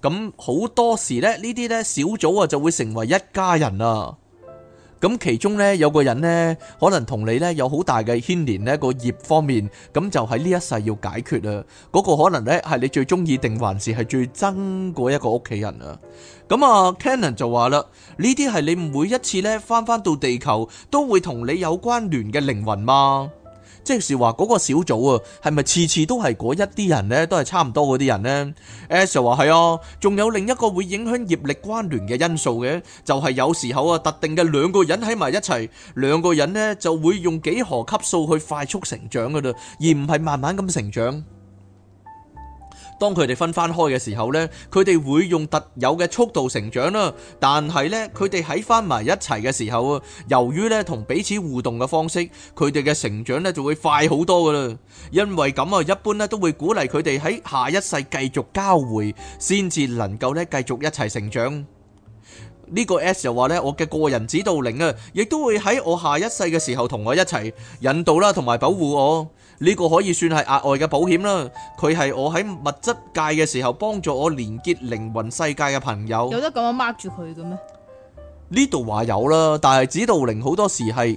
咁好多時咧呢啲咧小組啊就會成為一家人啊。咁其中咧有個人咧，可能同你咧有好大嘅牽連，呢個業方面咁就喺呢一世要解決啦。嗰、那個可能咧係你最中意定還是係最憎嗰一個屋企人啊？咁啊，Canon 就話啦，呢啲係你每一次咧返返到地球都會同你有關聯嘅靈魂嘛？即是係話嗰個小組啊，係咪次次都係嗰一啲人呢？都係差唔多嗰啲人呢？Ash 話係啊，仲有另一個會影響業力關聯嘅因素嘅，就係有時候啊，特定嘅兩個人喺埋一齊，兩個人呢就會用幾何級數去快速成長噶啦，而唔係慢慢咁成長。當佢哋分翻開嘅時候呢，佢哋會用特有嘅速度成長啦。但係呢，佢哋喺翻埋一齊嘅時候啊，由於呢同彼此互動嘅方式，佢哋嘅成長呢就會快好多噶啦。因為咁啊，一般呢都會鼓勵佢哋喺下一世繼續交匯，先至能夠呢繼續一齊成長。呢個 S 就話呢，我嘅個人指導靈啊，亦都會喺我下一世嘅時候同我一齊引導啦，同埋保護我。呢個可以算係額外嘅保險啦，佢係我喺物質界嘅時候幫助我連結靈魂世界嘅朋友。有得咁樣 mark 住佢嘅咩？呢度話有啦，但係指導靈好多時係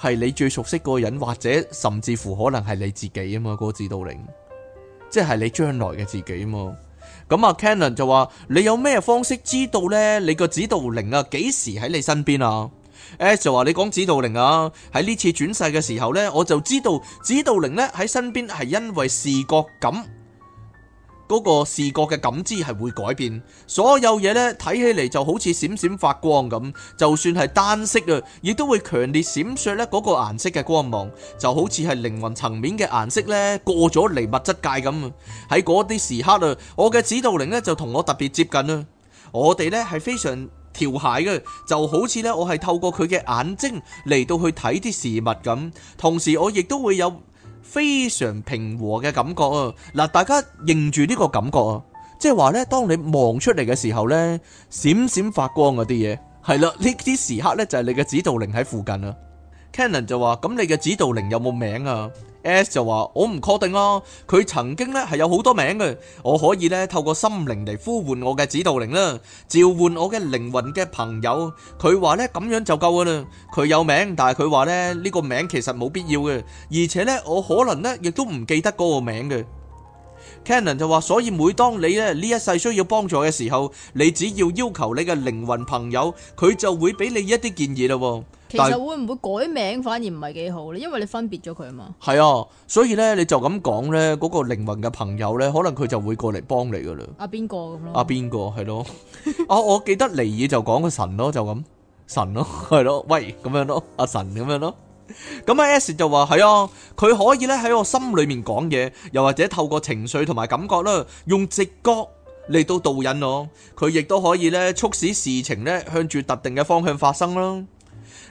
係你最熟悉嗰個人，或者甚至乎可能係你自己啊嘛，嗰個指導靈，即係你將來嘅自己啊嘛。咁啊 Canon 就話：你有咩方式知道呢？你個指導靈啊幾時喺你身邊啊？阿 Joe 話：S S ho, 你講指導靈啊，喺呢次轉世嘅時候呢，我就知道指導靈呢喺身邊係因為視覺感，嗰、嗰個視覺嘅感知係會改變，所有嘢呢睇起嚟就好似閃閃發光咁，就算係單色啊，亦都會強烈閃爍呢嗰個顏色嘅光芒，就好似係靈魂層面嘅顏色呢過咗嚟物質界咁。喺嗰啲時刻啊，我嘅指導靈呢就同我特別接近啊，我哋呢係非常。調諧嘅就好似呢，我係透過佢嘅眼睛嚟到去睇啲事物咁，同時我亦都會有非常平和嘅感覺啊！嗱，大家認住呢個感覺啊，即係話呢，當你望出嚟嘅時候呢，閃閃發光嗰啲嘢，係啦，呢啲時刻呢，就係你嘅指導靈喺附近啊！Cannon 就話：咁你嘅指導靈有冇名啊？S 就話我唔確定咯，佢曾經咧係有好多名嘅，我可以咧透過心靈嚟呼喚我嘅指導靈啦，召喚我嘅靈魂嘅朋友。佢話咧咁樣就夠噶啦，佢有名，但係佢話咧呢個名其實冇必要嘅，而且咧我可能咧亦都唔記得嗰個名嘅。Cannon 就話，所以每當你咧呢一世需要幫助嘅時候，你只要要求你嘅靈魂朋友，佢就會俾你一啲建議咯。其實會唔會改名反而唔係幾好咧，因為你分別咗佢啊嘛。係啊，所以咧你就咁講咧，嗰個靈魂嘅朋友咧，可能佢就會過嚟幫你噶啦。阿邊個咁咯？阿邊個係咯？啊，我記得尼爾就講個神咯，就咁神咯，係咯，喂咁樣咯，阿神咁樣咯。咁阿 S 就話係啊，佢可以咧喺我心裏面講嘢，又或者透過情緒同埋感覺啦，用直覺嚟到導引我，佢亦都可以咧促使事情咧向住特定嘅方向發生咯。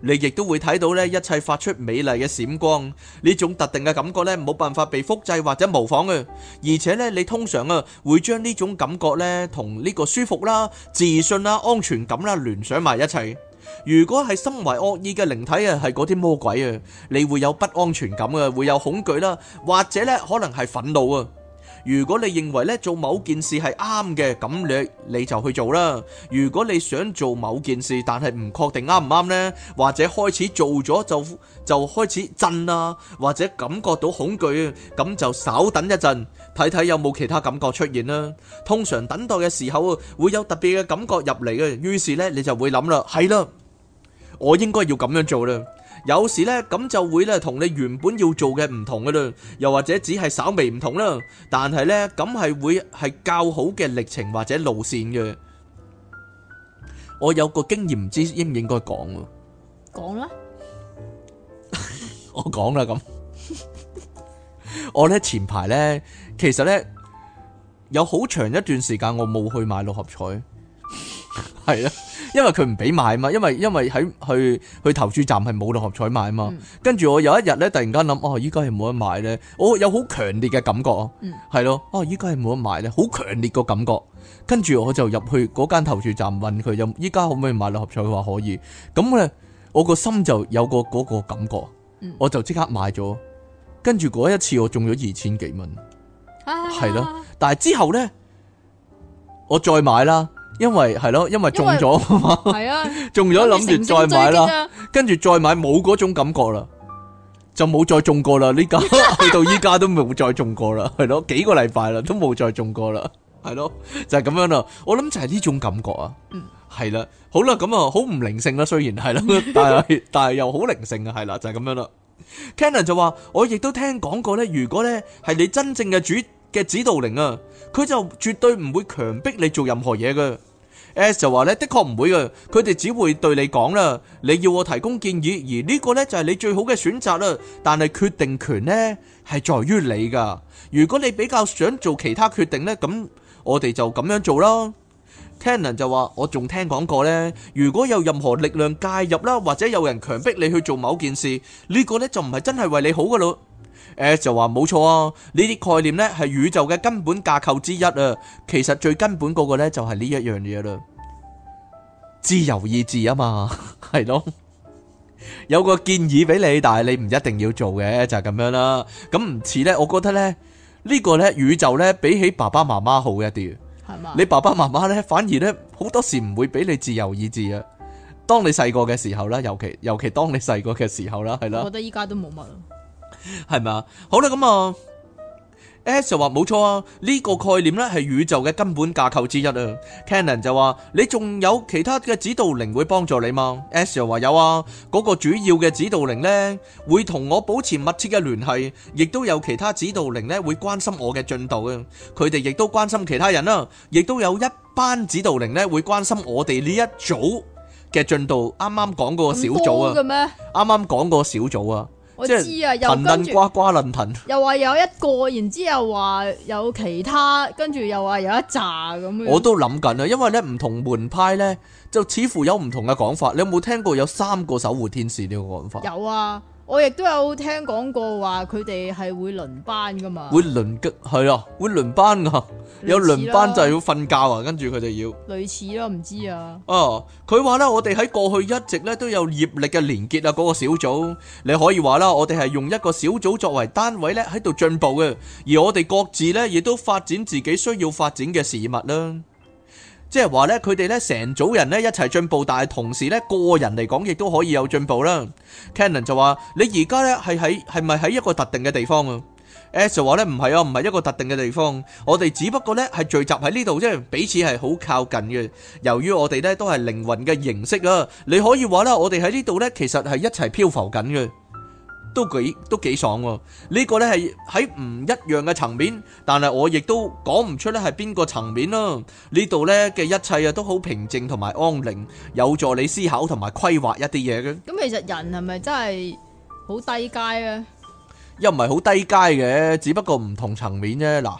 你亦都會睇到咧，一切發出美麗嘅閃光，呢種特定嘅感覺咧，冇辦法被複製或者模仿嘅。而且咧，你通常啊會將呢種感覺咧同呢個舒服啦、自信啦、安全感啦聯想埋一齊。如果係身懷惡意嘅靈體啊，係嗰啲魔鬼啊，你會有不安全感嘅，會有恐懼啦，或者咧可能係憤怒啊。如果你認為咧做某件事係啱嘅，咁你你就去做啦。如果你想做某件事，但係唔確定啱唔啱呢，或者開始做咗就就開始震啊，或者感覺到恐懼啊，咁就稍等一陣，睇睇有冇其他感覺出現啦。通常等待嘅時候啊，會有特別嘅感覺入嚟嘅。於是呢，你就會諗啦，係啦，我應該要咁樣做啦。有時呢，咁就會呢同你原本要做嘅唔同㗎啦，又或者只係稍微唔同啦。但係呢，咁係會係較好嘅歷程或者路線嘅。我有個經驗，唔知應唔應該講？講啦，我講啦咁。我呢前排呢，其實呢有好長一段時間我冇去買六合彩。係啊， 因為佢唔俾買嘛，因為因為喺去去投注站係冇六合彩買嘛。跟住、嗯、我有一日咧，突然間諗哦，依家係冇得買咧，我有好強烈嘅感覺啊，係咯，啊，依家係冇得買咧，好強烈個感覺。跟住、嗯哦、我就入去嗰間投注站問佢，有依家可唔可以買六合彩？佢話可以。咁咧，我個心就有個嗰個感覺，嗯、我就即刻買咗。跟住嗰一次我中咗二千幾蚊，係咯、啊。但係之後咧，我再買啦。因為係咯，因為中咗係為 了啊，中咗諗住再買啦，跟住再買冇嗰種感覺啦，就冇再中過啦，呢家去到依家都冇再中過啦，係咯，幾個禮拜啦，都冇再中過啦，係咯，就係、是、咁樣啦，我諗就係呢種感覺啊，係啦，好啦，咁啊，好唔靈性啦，雖然係啦， 但係但係又好靈性啊，係啦，就係、是、咁樣啦。Cannon 就話，我亦都聽講過咧，如果咧係你真正嘅主嘅指導靈啊。佢就絕對唔會強迫你做任何嘢嘅，S 就話呢的確唔會嘅，佢哋只會對你講啦，你要我提供建議，而呢個呢，就係你最好嘅選擇啦。但係決定權呢，係在於你噶，如果你比較想做其他決定呢，咁我哋就咁樣做啦。Tanner 就話，我仲聽講過呢，如果有任何力量介入啦，或者有人強迫你去做某件事，呢個呢，就唔係真係為你好噶咯。誒，uh, 就話冇錯啊！呢啲概念呢係宇宙嘅根本架構之一啊。其實最根本嗰個呢，就係呢一樣嘢啦，自由意志啊嘛，係 咯。有個建議俾你，但係你唔一定要做嘅就係咁樣啦。咁唔似呢，我覺得呢，呢、呢個呢，宇宙呢比起爸爸媽媽好一啲。係嘛？你爸爸媽媽呢，反而呢，好多時唔會俾你自由意志啊。當你細個嘅時候啦，尤其尤其當你細個嘅時候啦，係啦。我覺得依家都冇乜。係咪啊？好啦，咁啊，S 就話冇錯啊，呢個概念呢係宇宙嘅根本架構之一啊。Cannon 就話你仲有其他嘅指導靈會幫助你嗎、啊、？S 就話有啊，嗰、那個主要嘅指導靈呢，會同我保持密切嘅聯繫，亦都有其他指導靈呢會關心我嘅進度啊。佢哋亦都關心其他人啦、啊，亦都有一班指導靈呢會關心我哋呢一組嘅進度。啱啱講嗰個小組啊，啱啱講嗰個小組啊。我知啊，又跟住，又話有一個，然之後話有其他，跟住又話有一紮咁樣，我都諗緊啊，因為咧唔同門派咧，就似乎有唔同嘅講法。你有冇聽過有三個守護天使呢個講法？有啊。我亦都有聽講過話佢哋係會輪班噶嘛，會輪吉係啊，會輪班啊，有輪班就要瞓覺啊，跟住佢哋要類似咯，唔知啊。啊，佢話咧，我哋喺過去一直咧都有業力嘅連結啊，嗰個小組，你可以話啦，我哋係用一個小組作為單位咧喺度進步嘅，而我哋各自咧亦都發展自己需要發展嘅事物啦。即係話咧，佢哋咧成組人咧一齊進步，但係同時咧個人嚟講亦都可以有進步啦。Cannon 就話：你而家咧係喺係咪喺一個特定嘅地方啊？S 就話咧，唔係啊，唔係一個特定嘅地方，我哋只不過咧係聚集喺呢度啫，彼此係好靠近嘅。由於我哋咧都係靈魂嘅形式啊，你可以話咧我哋喺呢度咧其實係一齊漂浮緊嘅。都幾都幾爽喎！呢、這個咧係喺唔一樣嘅層面，但係我亦都講唔出咧係邊個層面咯。呢度咧嘅一切啊都好平靜同埋安寧，有助你思考同埋規劃一啲嘢嘅。咁其實人係咪真係好低階啊？又唔係好低階嘅，只不過唔同層面啫。嗱，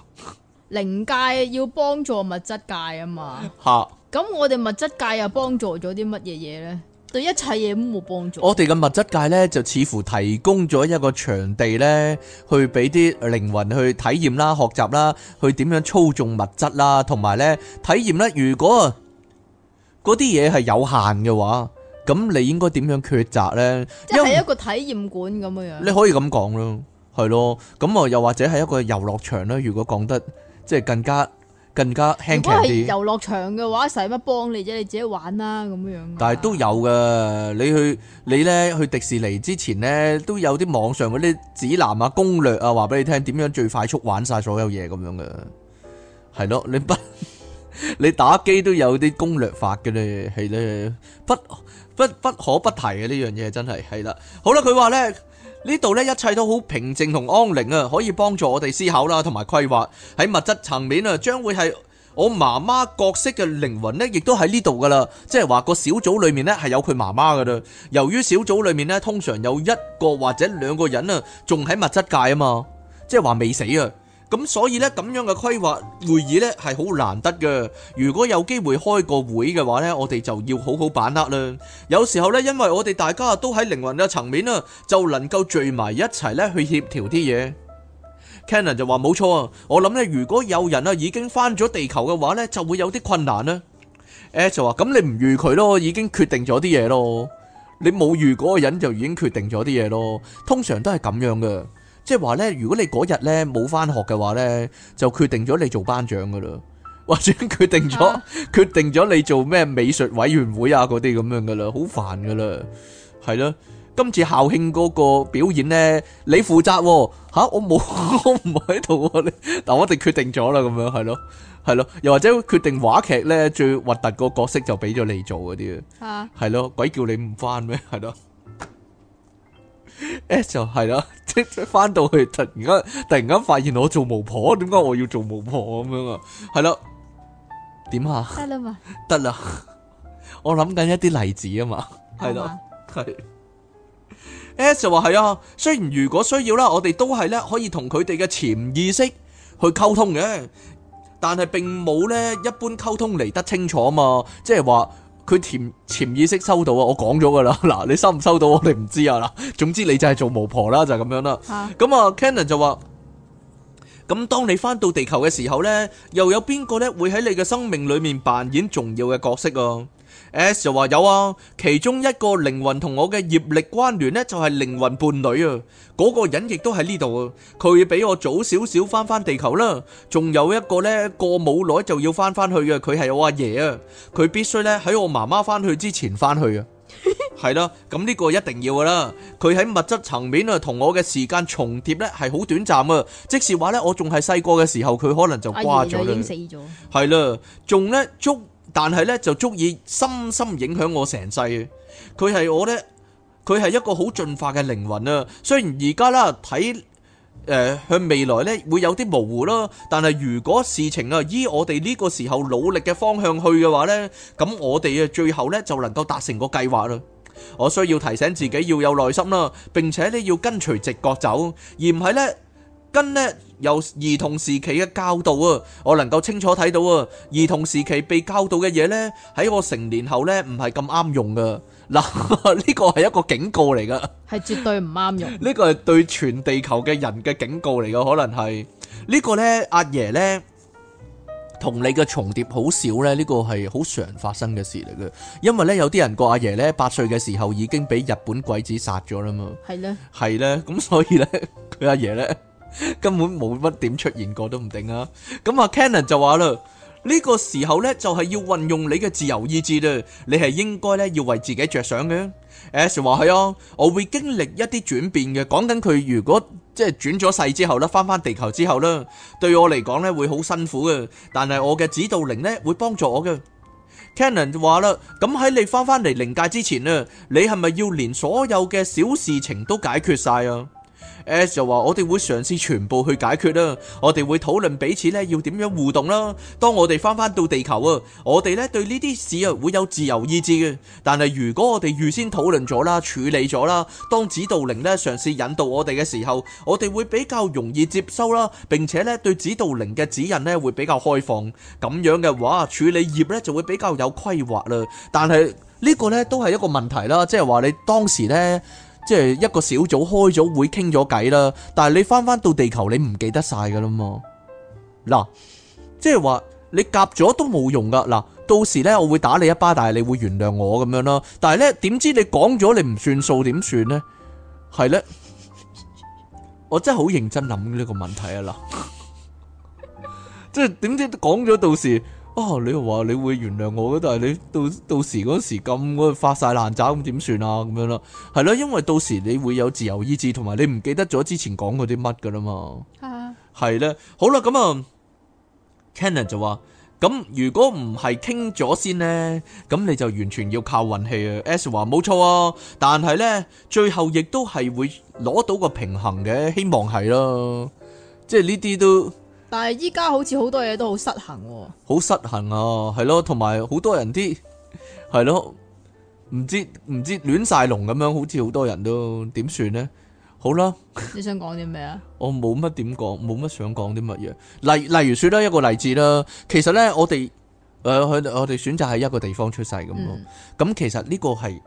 靈界要幫助物質界啊嘛。吓，咁我哋物質界又幫助咗啲乜嘢嘢呢？對一切嘢都冇幫助我。我哋嘅物質界呢，就似乎提供咗一個場地呢，去俾啲靈魂去體驗啦、學習啦，去點樣操縱物質啦，同埋呢，體驗呢，如果嗰啲嘢係有限嘅話，咁你應該點樣抉擇呢？即係一個體驗館咁嘅樣。你可以咁講咯，係咯。咁啊，又或者係一個遊樂場啦。如果講得即係更加。更加輕鬆啲。遊樂場嘅話，使乜幫你啫？你自己玩啦，咁樣。但係都有嘅，你去你咧去迪士尼之前咧，都有啲網上嗰啲指南啊、攻略啊，話俾你聽點樣最快速玩晒所有嘢，咁樣嘅，係咯？你不 你打機都有啲攻略法嘅咧，係咧，不不不可不提嘅呢樣嘢，真係係啦。好啦，佢話咧。呢度呢一切都好平靜同安寧啊，可以幫助我哋思考啦，同埋規劃喺物質層面啊，將會係我媽媽角色嘅靈魂呢，亦都喺呢度噶啦。即係話個小組裏面呢，係有佢媽媽噶啦。由於小組裏面呢，通常有一個或者兩個人啊，仲喺物質界啊嘛，即係話未死啊。咁所以呢，咁樣嘅規劃會議呢係好難得嘅。如果有機會開個會嘅話呢，我哋就要好好把握啦。有時候呢，因為我哋大家都喺靈魂嘅層面啊，就能夠聚埋一齊呢去協調啲嘢。Cannon 就話冇錯啊，我諗呢，如果有人啊已經返咗地球嘅話呢，就會有啲困難啦。At 就話：咁你唔預佢咯，已經決定咗啲嘢咯。你冇預嗰個人就已經決定咗啲嘢咯。通常都係咁樣嘅。即係話咧，如果你嗰日咧冇翻學嘅話咧，就決定咗你做班長噶啦，或者決定咗決定咗你做咩美術委員會啊嗰啲咁樣噶啦，好煩噶啦，係咯。今次校慶嗰個表演咧，你負責，吓？我冇我唔喺度啊你，但係我哋決定咗啦，咁樣係咯係咯，又或者決定話劇咧最核突個角色就俾咗你做嗰啲啊，係咯，鬼叫你唔翻咩，係咯。S 就係啦，即係翻到去突然間突然間發現我做巫婆，點解我要做巫婆咁樣啊？係咯，點啊？得啦嘛，得啦，我諗緊一啲例子啊嘛，係咯，係。S 就話係啊，雖然如果需要啦，我哋都係咧可以同佢哋嘅潛意識去溝通嘅，但係並冇咧一般溝通嚟得清楚啊嘛，即係話。佢潛潛意識收到啊！我講咗㗎啦，嗱，你收唔收到我哋唔知啊，嗱，總之你就係做巫婆啦，就係咁樣啦。咁啊，Canon、啊、就話：咁當你翻到地球嘅時候呢，又有邊個呢會喺你嘅生命裡面扮演重要嘅角色啊？」S 就話有啊，其中一個靈魂同我嘅業力關聯咧，就係靈魂伴侶啊。嗰個人亦都喺呢度啊，佢比我早少少翻翻地球啦。仲有一個咧，過冇耐就要翻翻去嘅，佢係我阿爺啊。佢必須咧喺我媽媽翻去之前翻去啊。係啦，咁呢個一定要噶啦。佢喺物質層面啊，同我嘅時間重疊咧係好短暫啊。即使話咧，我仲係細個嘅時候，佢可能就掛咗啦。死咗？係啦，仲咧捉。但係呢就足以深深影響我成世，佢係我呢，佢係一個好進化嘅靈魂啊！雖然而家啦睇，誒向未來呢會有啲模糊咯，但係如果事情啊依我哋呢個時候努力嘅方向去嘅話呢，咁我哋啊最後呢就能夠達成個計劃啦！我需要提醒自己要有耐心啦，並且呢要跟隨直覺走，而唔係呢跟呢。由兒童時期嘅教導啊，我能夠清楚睇到啊，兒童時期被教導嘅嘢咧，喺我成年後咧唔係咁啱用噶。嗱，呢個係一個警告嚟噶，係絕對唔啱用。呢個係對全地球嘅人嘅警告嚟噶，可能係呢個咧，阿爺咧同你嘅重疊好少咧，呢個係好常發生嘅事嚟嘅。因為咧，有啲人個阿爺咧八歲嘅時候已經俾日本鬼子殺咗啦嘛，係咧，係咧，咁所以咧佢阿爺咧。 根本冇乜點出現過都唔定啊！咁啊 Canon 就話啦，呢、呢個時候呢，就係要運用你嘅自由意志啦，你係應該呢，要為自己着想嘅。S 話係啊，我會經歷一啲轉變嘅。講緊佢如果即係轉咗世之後啦，翻翻地球之後啦，對我嚟講呢，會好辛苦嘅，但係我嘅指導靈呢，會幫助我嘅。Canon 就話啦，咁喺你翻翻嚟靈界之前呢，你係咪要連所有嘅小事情都解決晒啊？S, S 就話我哋會嘗試全部去解決啦，我哋會討論彼此咧要點樣互動啦。當我哋返返到地球啊，我哋咧對呢啲事啊會有自由意志嘅。但係如果我哋預先討論咗啦、處理咗啦，當指導靈咧嘗試引導我哋嘅時候，我哋會比較容易接收啦，並且咧對指導靈嘅指引咧會比較開放。咁樣嘅話，處理業咧就會比較有規劃啦。但係呢、這個咧都係一個問題啦，即係話你當時咧。即係一個小組開咗會傾咗偈啦，但係你翻翻到地球你唔記得晒噶啦嘛？嗱，即係話你夾咗都冇用噶，嗱，到時咧我會打你一巴，但係你會原諒我咁樣啦。但係咧點知你講咗你唔算數點算咧？係咧，我真係好認真諗呢個問題啊！嗱， 即係點知講咗到時。哦、啊，你又話你會原諒我但係你到到時嗰時咁，我發曬爛渣咁點算啊？咁樣咯，係咯，因為到時你會有自由意志，同埋你唔記得咗之前講過啲乜嘅啦嘛，係啦、啊，好啦，咁啊 Cannon 就話：咁、嗯、如果唔係傾咗先呢，咁、嗯、你就完全要靠運氣啊。S 話冇、欸、錯啊，但係呢，最後亦都係會攞到個平衡嘅，希望係咯，即係呢啲都。但係依家好似好多嘢都好失衡喎、哦，好失衡啊，係咯，同埋好多人啲係咯，唔知唔知亂晒龍咁樣，好似好多人都點算呢？好啦，你想講啲咩啊？ 我冇乜點講，冇乜想講啲乜嘢。例例如說啦，一個例子啦，其實呢，我哋誒、呃，我我哋選擇喺一個地方出世咁咯。咁、嗯、其實呢個係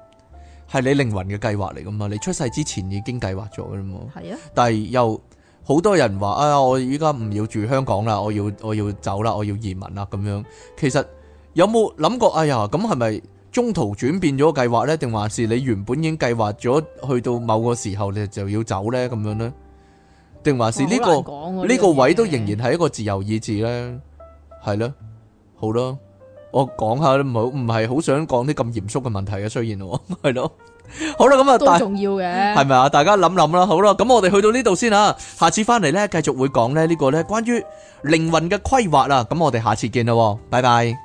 係你靈魂嘅計劃嚟噶嘛？你出世之前已經計劃咗噶啦嘛？係啊。但係又。好多人話：哎呀，我依家唔要住香港啦，我要我要走啦，我要移民啦咁樣。其實有冇諗過？哎呀，咁係咪中途轉變咗計劃呢？定還是你原本已經計劃咗去到某個時候你就要走呢？咁樣呢？定還是呢、呢個呢個位的都仍然係一個自由意志呢？係咯，好啦，我講下唔好唔係好想講啲咁嚴肅嘅問題嘅，雖然呢，係咯。 好啦，咁啊，都重要嘅，係咪啊？大家諗諗啦。好啦，咁我哋去到呢度先啊。下次翻嚟咧，繼續會講咧呢個咧關於靈魂嘅規劃啦。咁我哋下次見啦，拜拜。